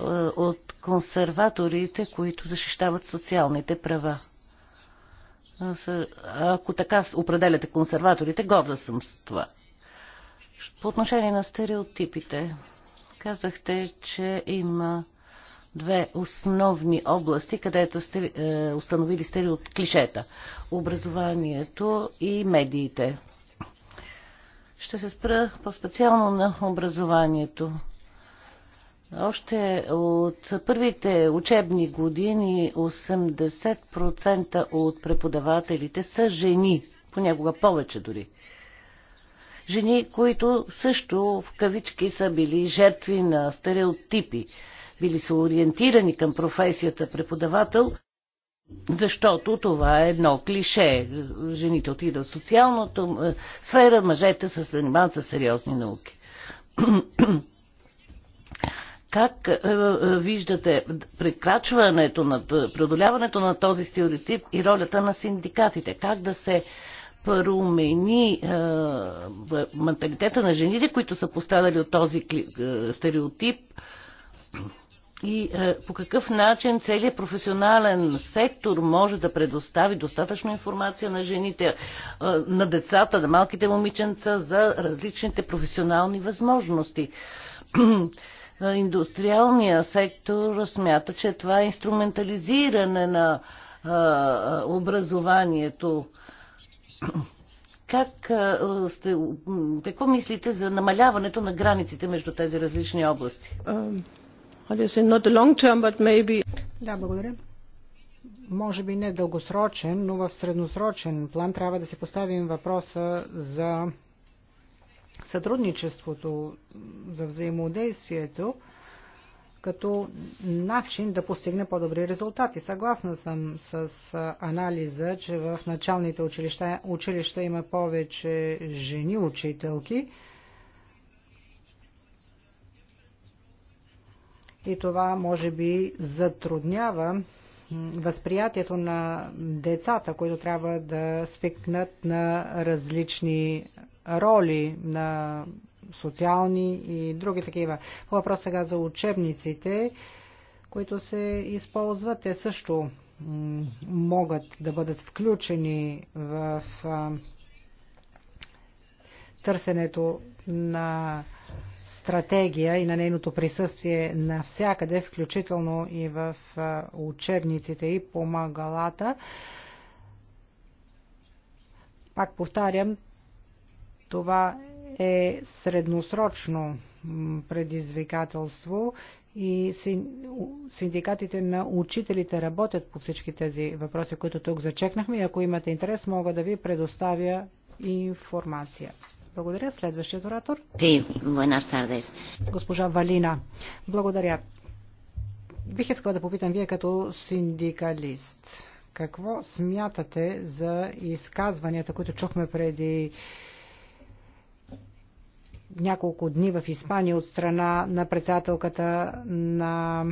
S2: е, от консерваторите, които защищават социалните права. ако така определяте консерваторите, горда съм с това. По отношение на стереотипите, казахте, че има две основни области, където сте е, установили стери от клишета. Образованието и медиите. Ще се спра по-специално на образованието. Още от първите учебни години 80% от преподавателите са жени, понякога повече дори. Жени, които също в кавички са били жертви на стереотипи били са ориентирани към професията преподавател, защото това е едно клише. Жените отидат в социалната е, сфера, мъжете се занимават с сериозни науки. <clears throat> Как е, е, виждате прекрачването на преодоляването на този стереотип и ролята на синдикатите? Как да се промени е, менталитета на жените, които са пострадали от този стереотип? и е, по какъв начин целият професионален сектор може да предостави достатъчно информация на жените, е, на децата, на малките момиченца за различните професионални възможности. <clears throat> Индустриалният сектор смята, че това е инструментализиране на е, е образованието. Как е, сте, какво мислите за намаляването на границите между тези различни области?
S1: Да, благодаря. Може би не дългосрочен, но в средносрочен план трябва да си поставим въпроса за сътрудничеството, за взаимодействието като начин да постигне по-добри резултати. Съгласна съм с анализа, че в началните училища, училища има повече жени учителки, и това може би затруднява възприятието на децата, които трябва да свикнат на различни роли, на социални и други такива. По въпрос сега за учебниците, които се използват, те също могат да бъдат включени в търсенето на стратегия и на нейното присъствие навсякъде, включително и в учебниците и помагалата. Пак повтарям, това е средносрочно предизвикателство и синдикатите на учителите работят по всички тези въпроси, които тук зачекнахме. ако имате интерес, мога да ви предоставя информация. Благодаря. Следващият оратор. Sí,
S2: buenas tardes.
S1: Госпожа Валина. Благодаря. Бих искала да попитам вие като синдикалист. Какво смятате за изказванията, които чухме преди няколко дни в Испания от страна на председателката на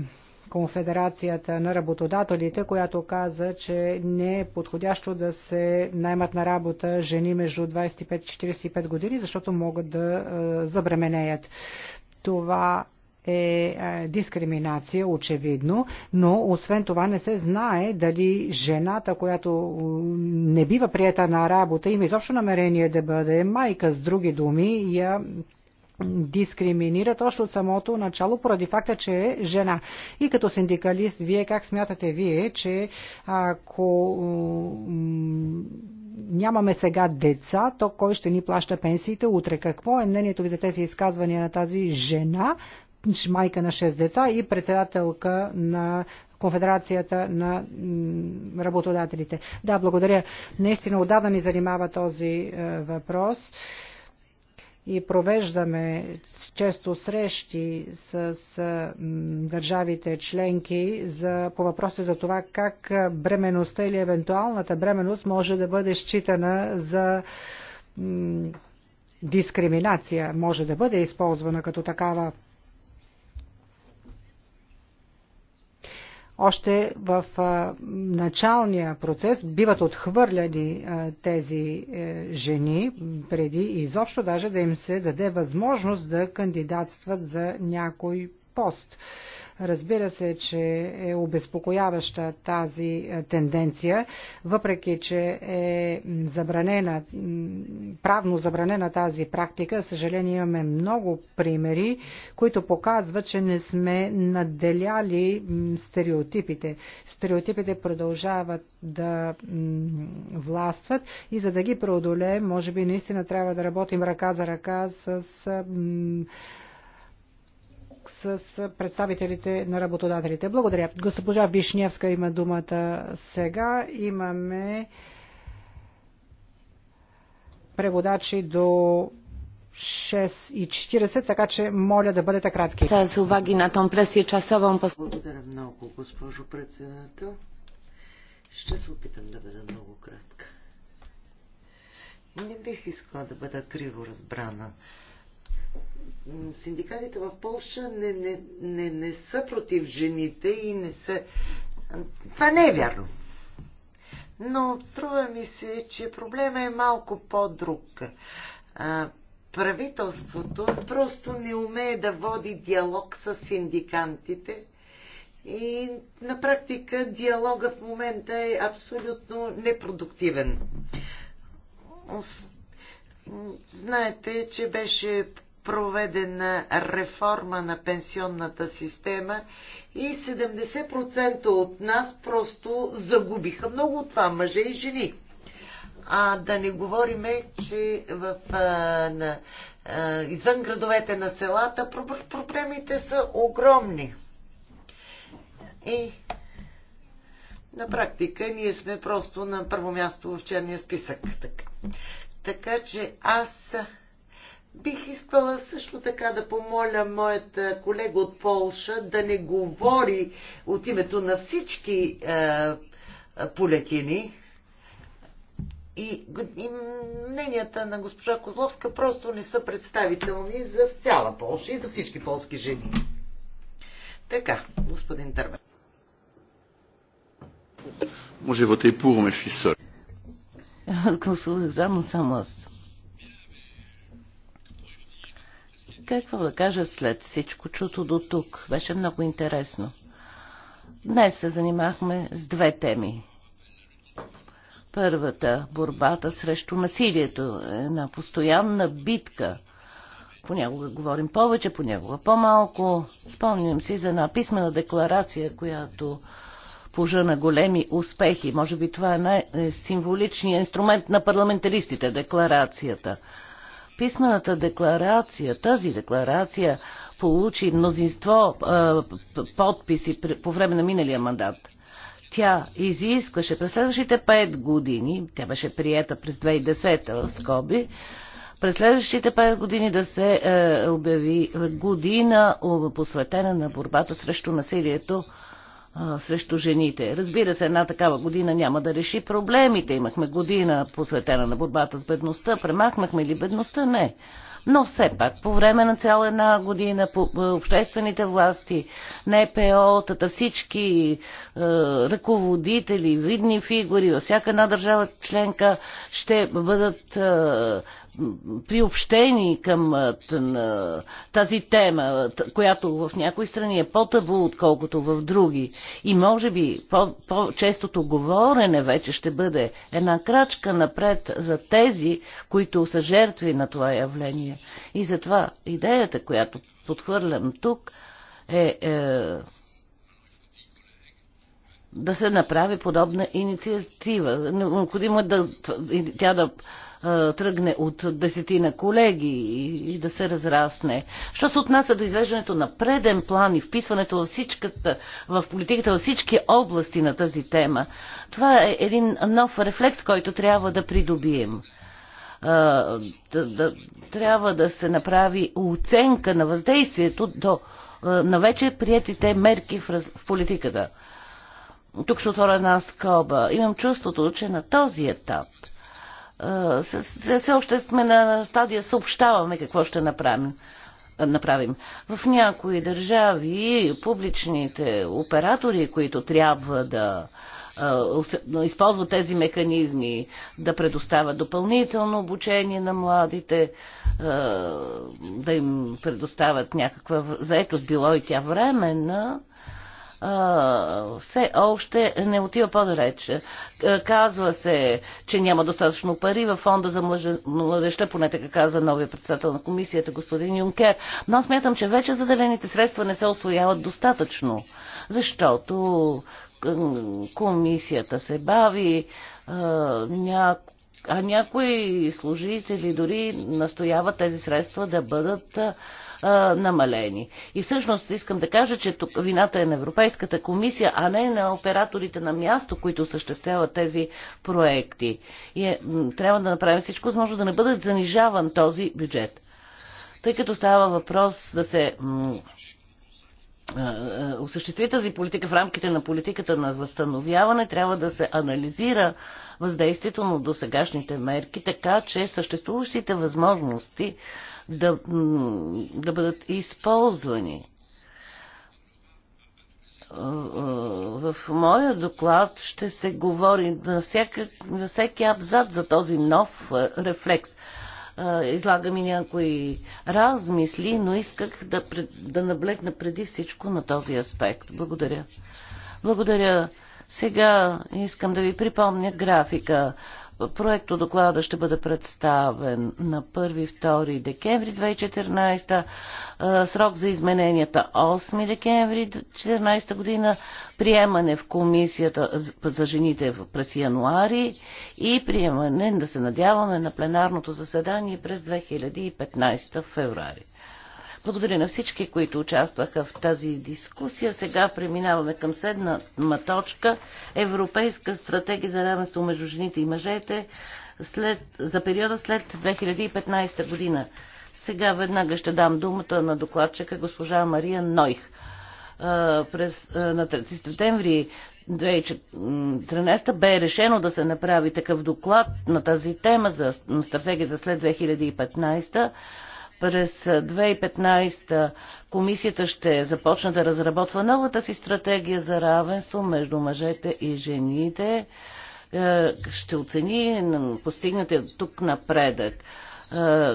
S1: Конфедерацията на работодателите, която каза, че не е подходящо да се наймат на работа жени между 25 и 45 години, защото могат да забременеят. Това е дискриминация, очевидно, но освен това не се знае дали жената, която не бива приета на работа, има изобщо намерение да бъде майка, с други думи, я дискриминират още от самото начало поради факта, че е жена. И като синдикалист, вие как смятате вие, че ако нямаме сега деца, то кой ще ни плаща пенсиите утре? Какво е мнението ви за тези изказвания на тази жена, майка на 6 деца и председателка на Конфедерацията на работодателите. Да, благодаря. Наистина отдавна ни занимава този е, въпрос и провеждаме често срещи с държавите членки за, по въпроса за това как бременността или евентуалната бременност може да бъде считана за дискриминация, може да бъде използвана като такава още в началния процес биват отхвърляни тези е, жени преди изобщо даже да им се даде възможност да кандидатстват за някой пост. Разбира се, че е обезпокояваща тази е, тенденция, въпреки че е забранена, правно забранена тази практика. Съжаление, имаме много примери, които показват, че не сме наделяли стереотипите. Стереотипите продължават да властват и за да ги преодолеем, може би наистина трябва да работим ръка за ръка с с представителите на работодателите. Благодаря. Госпожа Вишневска има думата сега. Имаме преводачи до 6.40, така че моля да бъдете кратки. С уваги на пресия
S3: Благодаря много, госпожо председател. Ще се опитам да бъда много кратка. Не бих искала да бъда криво разбрана синдикатите в Польша не, не, не, не са против жените и не са... Това не е вярно. Но струва ми се, че проблема е малко по-друг. правителството просто не умее да води диалог с синдикантите и на практика диалога в момента е абсолютно непродуктивен Знаете, че беше проведена реформа на пенсионната система и 70% от нас просто загубиха много от това, мъже и жени. А да не говориме, че в, а, на, а, извън градовете на селата проблемите са огромни. И на практика ние сме просто на първо място в черния списък. Така. Така че аз бих искала също така да помоля моята е, колега от Полша да не говори от името на всички е, полякини. И, и мненията на госпожа Козловска просто не са представителни за цяла Полша и за всички полски жени. Така, господин Търбен.
S1: може,
S4: j'ai voté pour, mais
S2: аз гласувах за, но само аз. Какво да кажа след всичко чуто до тук? Беше много интересно. Днес се занимахме с две теми. Първата – борбата срещу насилието. Една постоянна битка. Понякога говорим повече, понякога по-малко. Спомням си за една писмена декларация, която на големи успехи. Може би това е най-символичният инструмент на парламентаристите – декларацията. Писмената декларация, тази декларация получи мнозинство подписи по време на миналия мандат. Тя изискваше през следващите 5 години, тя беше приета през 2010 в Скоби, през следващите 5 години да се е, обяви година посветена на борбата срещу насилието срещу жените. Разбира се, една такава година няма да реши проблемите. Имахме година посветена на борбата с бедността. Премахнахме ли бедността? Не. Но все пак, по време на цяла една година, по, по обществените власти, НПО-тата, всички е, ръководители, видни фигури във всяка една държава членка ще бъдат е, приобщени към тази тема, която в някои страни е по-табу, отколкото в други. И може би по-честото -по говорене вече ще бъде една крачка напред за тези, които са жертви на това явление. И затова идеята, която подхвърлям тук, е, е да се направи подобна инициатива. Необходимо е да, тя да тръгне от десетина колеги и да се разрасне. Що се отнася до извеждането на преден план и вписването във всичката, в политиката във всички области на тази тема, това е един нов рефлекс, който трябва да придобием. Да, да, трябва да се направи оценка на въздействието до, на вече приятите мерки в, раз, в политиката. Тук ще отворя една скоба. Имам чувството, че на този етап – все още сме на стадия съобщаваме какво ще направим. направим. В някои държави публичните оператори, които трябва да използват тези механизми да предоставят допълнително обучение на младите, да им предоставят някаква заетост, било и тя временна, все още не отива по-далеч. Е, казва се, че няма достатъчно пари в фонда за младеща, поне така каза новия председател на комисията, господин Юнкер. Но аз смятам, че вече заделените средства не се освояват достатъчно, защото е, комисията се бави, е, а някои служители дори настояват тези средства да бъдат а, намалени. И всъщност искам да кажа, че тук вината е на Европейската комисия, а не на операторите на място, които съществяват тези проекти. И е, трябва да направим всичко, възможно да не бъдат занижаван този бюджет. Тъй като става въпрос да се осъществи тази политика в рамките на политиката на възстановяване, трябва да се анализира въздействието на досегашните мерки, така че съществуващите възможности да, да бъдат използвани. В моя доклад ще се говори на, всяка, на всеки абзац за този нов рефлекс излагам и някои размисли, но исках да, да наблегна преди всичко на този аспект. Благодаря. Благодаря. Сега искам да ви припомня графика. Проекто доклада ще бъде представен на 1-2 декември 2014, срок за измененията 8 декември 2014 година, приемане в комисията за жените през януари и приемане, да се надяваме, на пленарното заседание през 2015 февруари. Благодаря на всички, които участваха в тази дискусия. Сега преминаваме към седма точка. Европейска стратегия за равенство между жените и мъжете след, за периода след 2015 година. Сега веднага ще дам думата на докладчика госпожа Мария Нойх. През, на 3 септември 2013 бе решено да се направи такъв доклад на тази тема за стратегията след 2015 през 2015 комисията ще започне да разработва новата си стратегия за равенство между мъжете и жените. Е, ще оцени постигнате тук напредък. Е,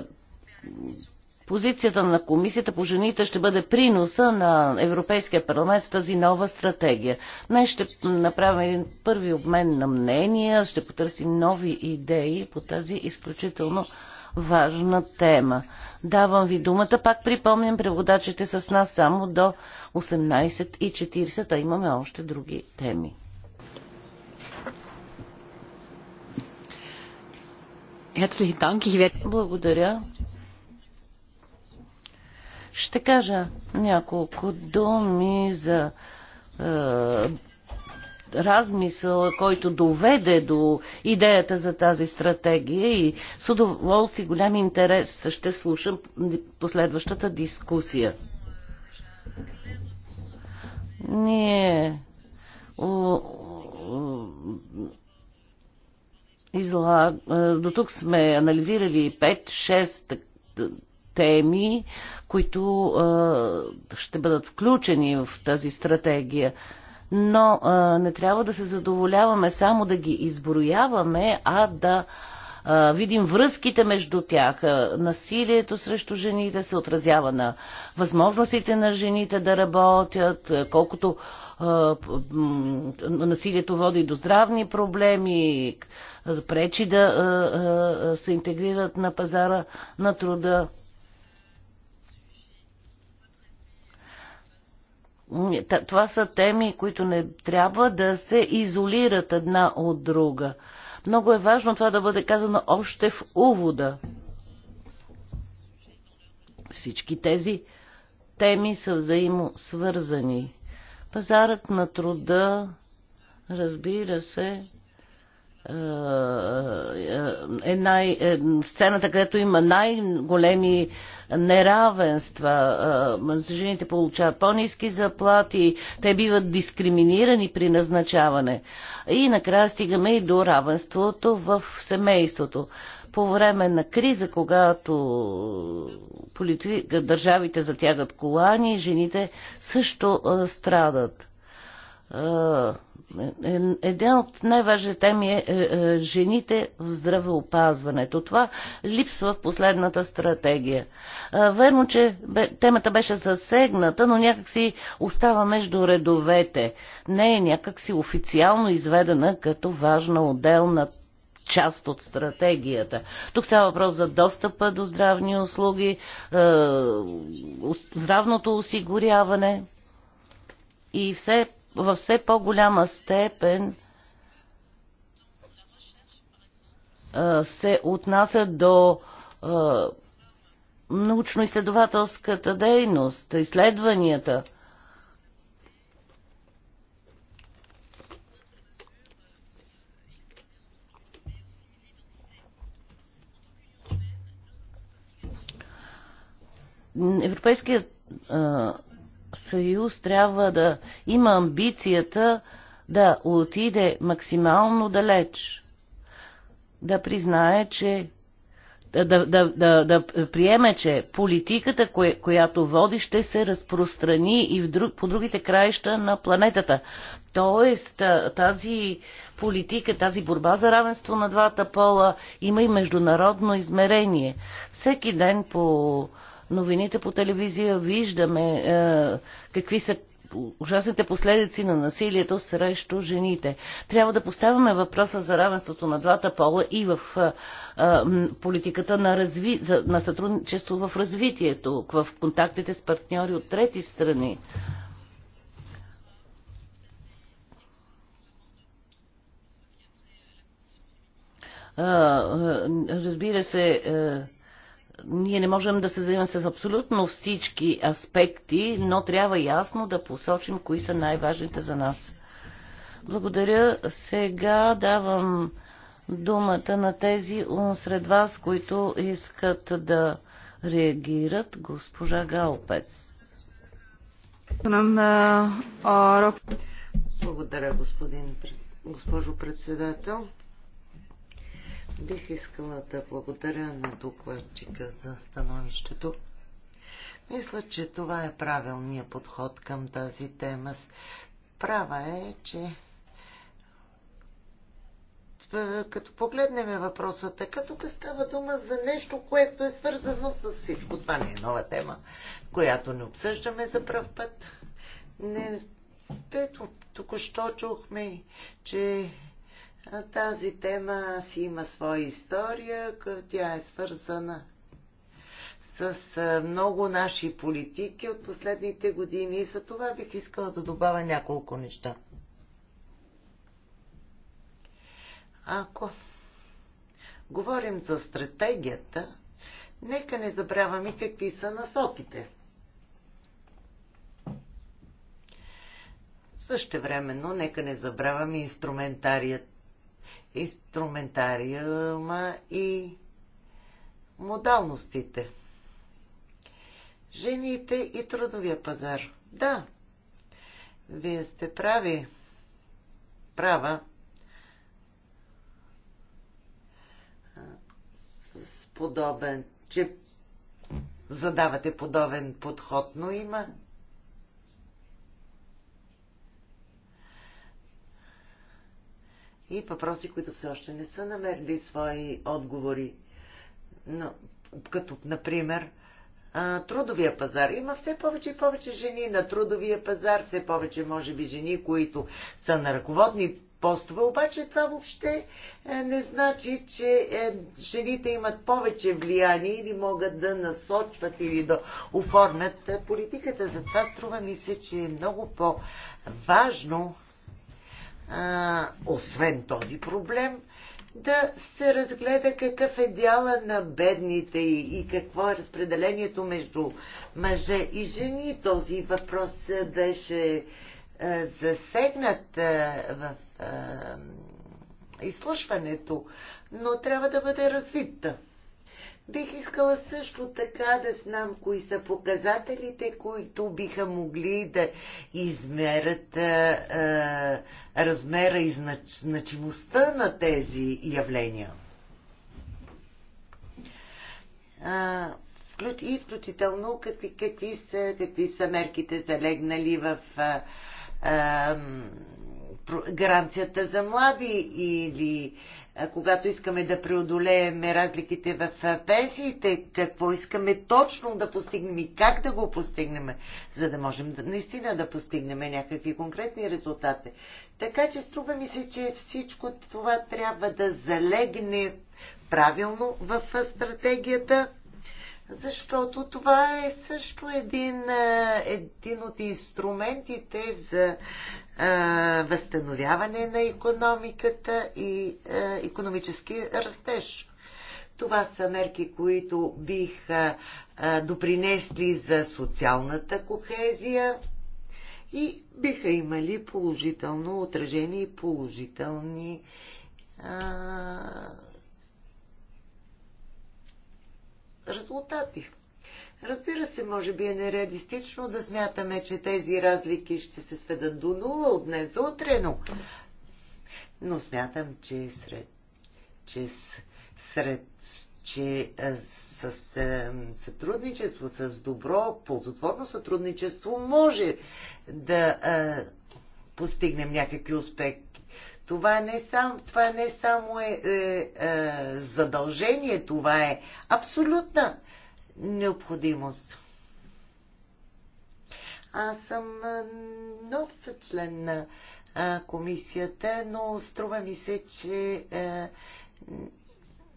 S2: позицията на комисията по жените ще бъде приноса на Европейския парламент в тази нова стратегия. Днес ще направим един първи обмен на мнения, ще потърсим нови идеи по тази изключително важна тема. Давам ви думата. Пак припомням, преводачите с нас само до 18.40, а имаме още други теми. Благодаря. Ще кажа няколко думи за е, размисъл, който доведе до идеята за тази стратегия и с удоволствие голям интерес ще слушам последващата дискусия. Ние изла... Е, до тук сме анализирали 5-6 теми, които е, ще бъдат включени в тази стратегия но а, не трябва да се задоволяваме само да ги изброяваме, а да а, видим връзките между тях. Насилието срещу жените се отразява на възможностите на жените да работят, колкото а, насилието води до здравни проблеми, пречи да а, а, се интегрират на пазара на труда. това са теми, които не трябва да се изолират една от друга. Много е важно това да бъде казано още в увода. Всички тези теми са взаимосвързани. Пазарът на труда, разбира се, е, е, е, е най- сцената, където има най-големи неравенства. Жените получават по-низки заплати, те биват дискриминирани при назначаване. И накрая стигаме и до равенството в семейството по време на криза, когато политика, държавите затягат колани, жените също страдат. Е, е, една от най-важните теми е, е жените в здравеопазването. Това липсва в последната стратегия. Верно, че темата беше засегната, но някакси остава между редовете. Не е някакси официално изведена като важна отделна част от стратегията. Тук става въпрос за достъпа до здравни услуги, здравното осигуряване и все във все по-голяма степен се отнася до научно-изследователската дейност, изследванията. Европейският съюз трябва да има амбицията да отиде максимално далеч, да признае, че да, да, да, да приеме, че политиката, кое, която води, ще се разпространи и в друг, по другите краища на планетата. Тоест, тази политика, тази борба за равенство на двата пола има и международно измерение. Всеки ден по новините по телевизия виждаме е, какви са ужасните последици на насилието срещу жените. Трябва да поставяме въпроса за равенството на двата пола и в е, е, политиката на, разви... за, на сътрудничество в развитието, в контактите с партньори от трети страни. Е, разбира се, ние не можем да се занимаваме с абсолютно всички аспекти, но трябва ясно да посочим кои са най-важните за нас. Благодаря. Сега давам думата на тези сред вас, които искат да
S3: реагират. Госпожа Галпец. Благодаря, господин, госпожо председател. Бих искала да благодаря на докладчика за становището. Мисля, че това е правилният подход към тази тема. Права е, че е, като погледнем въпроса така, тук става дума за нещо, което е свързано с всичко. Това не е нова тема, която не обсъждаме за пръв път. Не, Пето, току-що чухме, че тази тема си има своя история, тя е свързана с много наши политики от последните години и за това бих искала да добавя няколко неща. Ако говорим за стратегията, нека не забравяме какви са насоките. Същевременно, нека не забравяме инструментарият инструментариума и модалностите. Жените и трудовия пазар. Да, вие сте прави. Права. С подобен, че задавате подобен подход, но има и въпроси, които все още не са намерили свои отговори. Но, като, например, трудовия пазар. Има все повече и повече жени на трудовия пазар, все повече, може би, жени, които са на ръководни постове, обаче това въобще е, не значи, че е, жените имат повече влияние или могат да насочват или да оформят е, политиката. Затова струва ми се, че е много по-важно а, освен този проблем, да се разгледа какъв е дяла на бедните и, и какво е разпределението между мъже и жени. Този въпрос беше а, засегнат а, в а, изслушването, но трябва да бъде развит. Бих искала също така да знам кои са показателите, които биха могли да измерят а, а, размера и знач, значимостта на тези явления. А, и включително какви, какви, са, какви са мерките залегнали в а, а, гаранцията за млади или а, когато искаме да преодолеем разликите в пенсиите, какво искаме точно да постигнем и как да го постигнем, за да можем да, наистина да постигнем някакви конкретни резултати. Така че струва ми се, че всичко това трябва да залегне правилно в стратегията защото това е също един, е, един от инструментите за а, е, възстановяване на економиката и а, е, економически растеж. Това са мерки, които биха допринесли за социалната кохезия и биха имали положително отражение и положителни а, резултати. Разбира се, може би е нереалистично да смятаме, че тези разлики ще се сведат до нула от днес за утре, но, но смятам, че сред, че сред че а, с, с сътрудничество, с добро, ползотворно сътрудничество може да а, постигнем някакви успех, това не, сам, това не само е, е, е задължение, това е абсолютна необходимост. Аз съм е, нов член на е, комисията, но струва ми се, че е,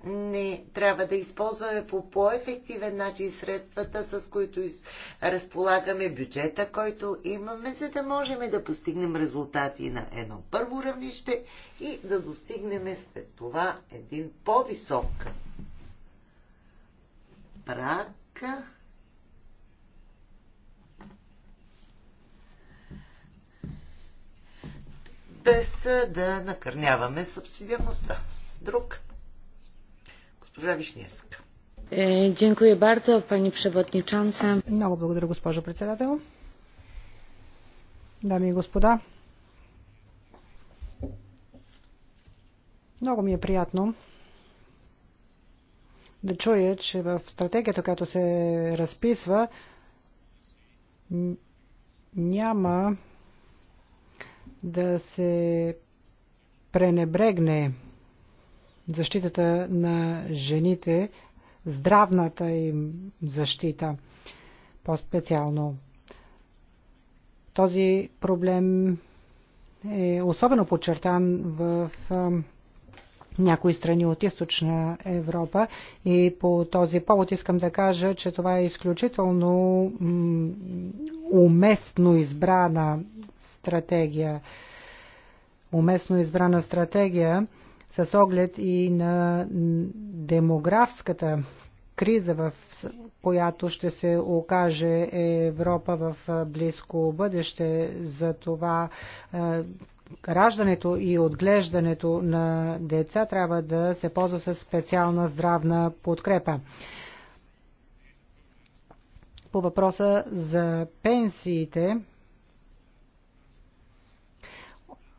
S3: не трябва да използваме по по-ефективен начин средствата, с които разполагаме бюджета, който имаме, за да можем да постигнем резултати на едно първо равнище и да достигнем след това един по-висок прак. без да накърняваме субсидиарността. Друг Госпожа Вишневска.
S1: Е, дякую bardzo, pani przewodnicząca. Много благодаря, госпожо председател. Дами и господа, много ми е приятно да чуя, че в стратегията, която се разписва, няма да се пренебрегне защитата на жените, здравната им защита по-специално. Този проблем е особено подчертан в някои страни от източна Европа и по този повод искам да кажа, че това е изключително уместно избрана стратегия. Уместно избрана стратегия с оглед и на демографската криза, в която ще се окаже Европа в близко бъдеще. За това раждането и отглеждането на деца трябва да се ползва с специална здравна подкрепа. По въпроса за пенсиите,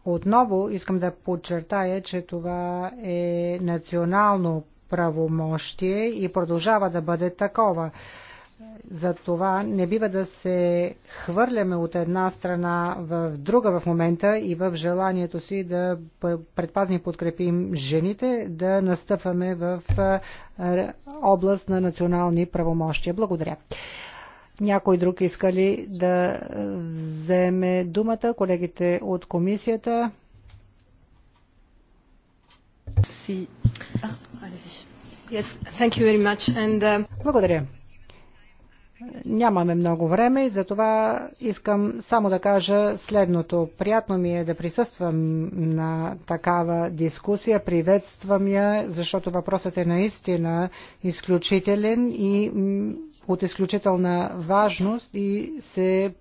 S1: Отново искам да подчертая, че това е национално правомощие и продължава да бъде такова. За това не бива да се хвърляме от една страна в друга в момента и в желанието си да предпазни подкрепим жените, да настъпваме в област на национални правомощия. Благодаря. Някой друг иска ли да е, вземе думата? Колегите от комисията? Uh, Благодаря. Нямаме много време и затова искам само да кажа следното. Приятно ми е да присъствам на такава дискусия. Приветствам я, защото въпросът е наистина изключителен и от изключителна важност и се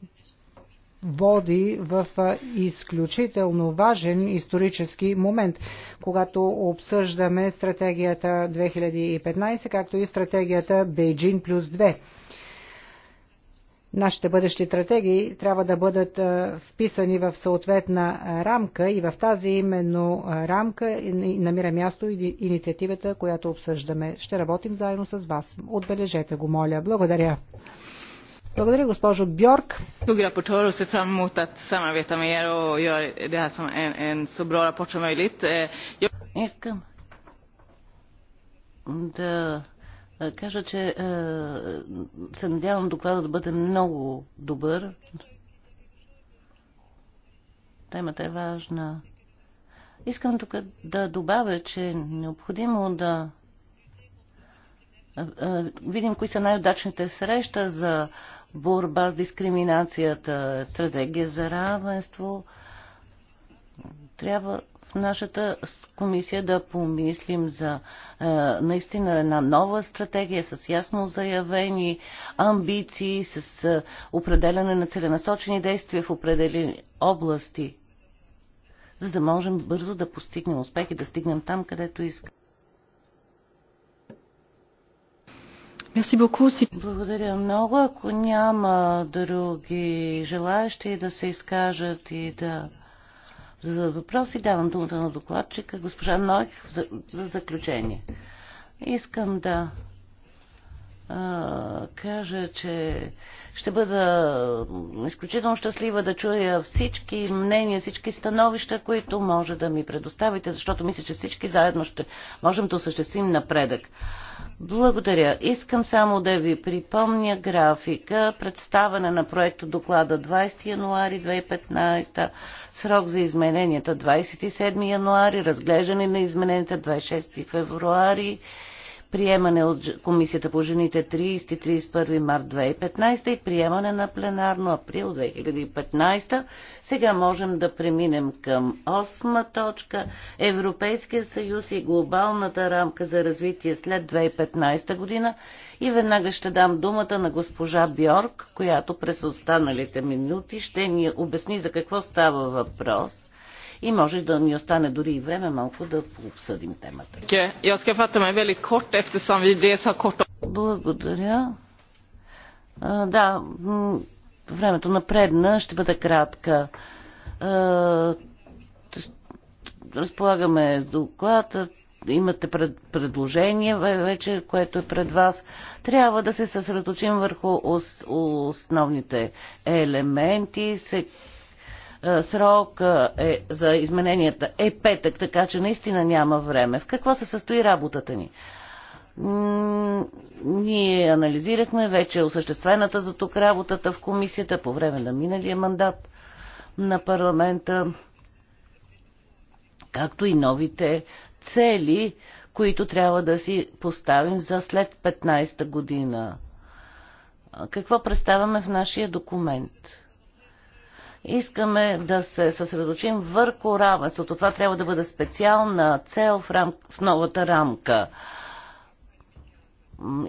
S1: води в изключително важен исторически момент, когато обсъждаме стратегията 2015, както и стратегията Бейджин плюс 2 нашите бъдещи стратегии трябва да бъдат вписани в съответна рамка и в тази именно рамка намира място и инициативата, която обсъждаме. Ще работим заедно с вас. Отбележете го, моля. Благодаря. Благодаря, госпожо Бьорк.
S4: Rapportörer ser fram emot att samarbeta med er och göra det här som en, en så bra rapport som möjligt. Eh,
S2: Искам да е, кажа, че е, се надявам доклада да бъде много добър. Темата е важна. Искам тук да добавя, че е необходимо да е, е, видим кои са най-удачните среща за борба с дискриминацията, стратегия за равенство. Трябва в нашата комисия да помислим за е, наистина една нова стратегия с ясно заявени амбиции, с е, определяне на целенасочени действия в определени области, за да можем бързо да постигнем успех и да стигнем там, където искаме. Благодаря много. Ако няма други желаящи да се изкажат и да за въпроси. Давам думата на докладчика госпожа Нойх за, за заключение. Искам да а, кажа, че ще бъда изключително щастлива да чуя всички мнения, всички становища, които може да ми предоставите, защото мисля, че всички заедно ще можем да осъществим напредък. Благодаря. Искам само да ви припомня графика. Представане на проекто доклада 20 януари 2015, срок за измененията 27 януари, разглеждане на измененията 26 февруари приемане от Комисията по жените 30-31 март 2015 и приемане на пленарно април 2015. Сега можем да преминем към 8 точка Европейския съюз и глобалната рамка за развитие след 2015 година и веднага ще дам думата на госпожа Бьорк, която през останалите минути ще ни обясни за какво става въпрос и може да ни остане дори и време малко да обсъдим темата.
S4: Благодаря.
S2: да, времето напредна, ще бъде кратка. разполагаме с доклада, имате предложение вече, което е пред вас. Трябва да се съсредоточим върху основните елементи. Е, срок е, е, за измененията е петък, така че наистина няма време. В какво се състои работата ни? Ние анализирахме вече осъществената до тук работата в комисията по време на миналия мандат на парламента, както и новите цели, които трябва да си поставим за след 15-та година. Какво представяме в нашия документ? Искаме да се съсредочим върху равенството. Това трябва да бъде специална цел в, рам... в новата рамка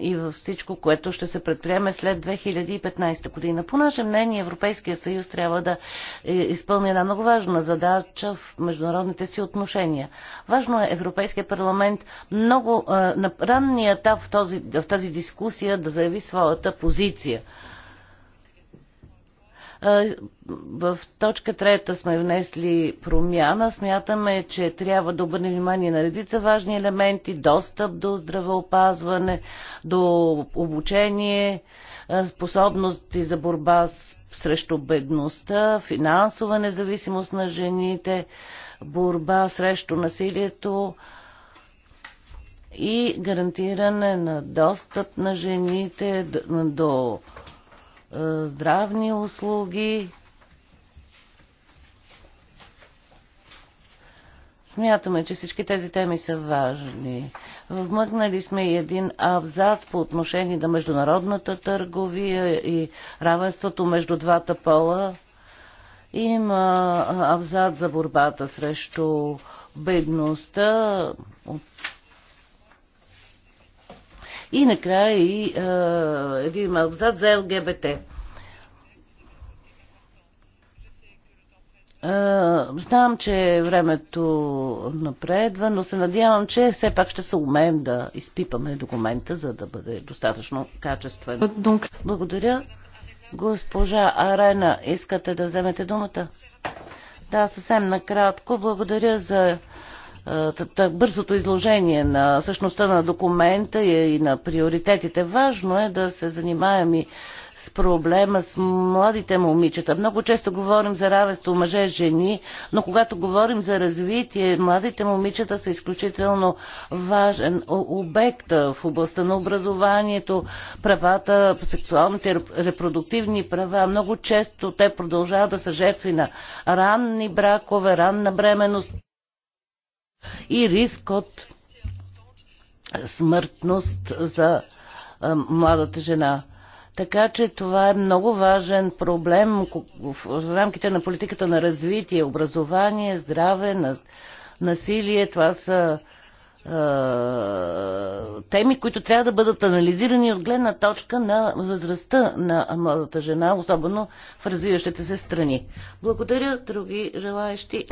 S2: и във всичко, което ще се предприеме след 2015 година. По наше мнение, Европейския съюз трябва да е, изпълни една много важна задача в международните си отношения. Важно е Европейския парламент много е, на ранния етап в, този, в тази дискусия да заяви своята позиция. В точка трета сме внесли промяна. Смятаме, че трябва да обърнем внимание на редица важни елементи, достъп до здравеопазване, до обучение, способности за борба с, срещу бедността, финансова независимост на жените, борба срещу насилието и гарантиране на достъп на жените до е, здравни услуги. Смятаме, че всички тези теми са важни. Вмъкнали сме и един абзац по отношение на международната търговия и равенството между двата пола. Има абзац за борбата срещу бедността от и накрая и а, един малък зад за ЛГБТ. Знам, че времето напредва, но се надявам, че все пак ще се умеем да изпипаме документа, за да бъде достатъчно качествен. Благодаря. Госпожа Арена, искате да вземете думата? Да, съвсем накратко. Благодаря за е, бързото изложение на същността на документа и на приоритетите. Важно е да се занимаем и с проблема с младите момичета. Много често говорим за равенство мъже-жени, и но когато говорим за развитие, младите момичета са изключително важен обект в областта на образованието, правата, сексуалните репродуктивни права. Много често те продължават да са жертви на ранни бракове, ранна бременност и риск от смъртност за младата жена. Така че това е много важен проблем в рамките на политиката на развитие, образование, здраве, насилие. Това са теми, които трябва да бъдат анализирани от гледна точка на възрастта на младата жена, особено в развиващите се страни. Благодаря, други желаещи.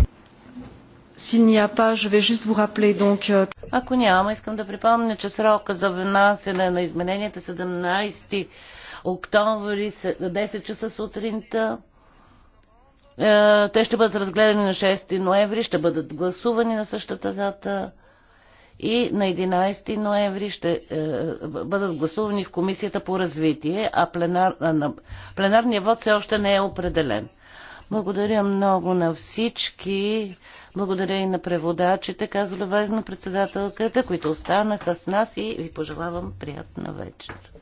S1: Euh,
S2: Ако няма, искам да припомня, че срока за внасяне на измененията 17 е октомври 10 часа сутринта. Е, те ще бъдат разгледани на 6 ноември, ще бъдат гласувани на същата дата и на 11 ноември ще е, бъдат гласувани в Комисията по развитие, а пленар, пленарният вод все още не е определен. Благодаря много на всички. Благодаря и на преводачите, казва любезно председателката, които останаха с нас и ви пожелавам приятна вечер.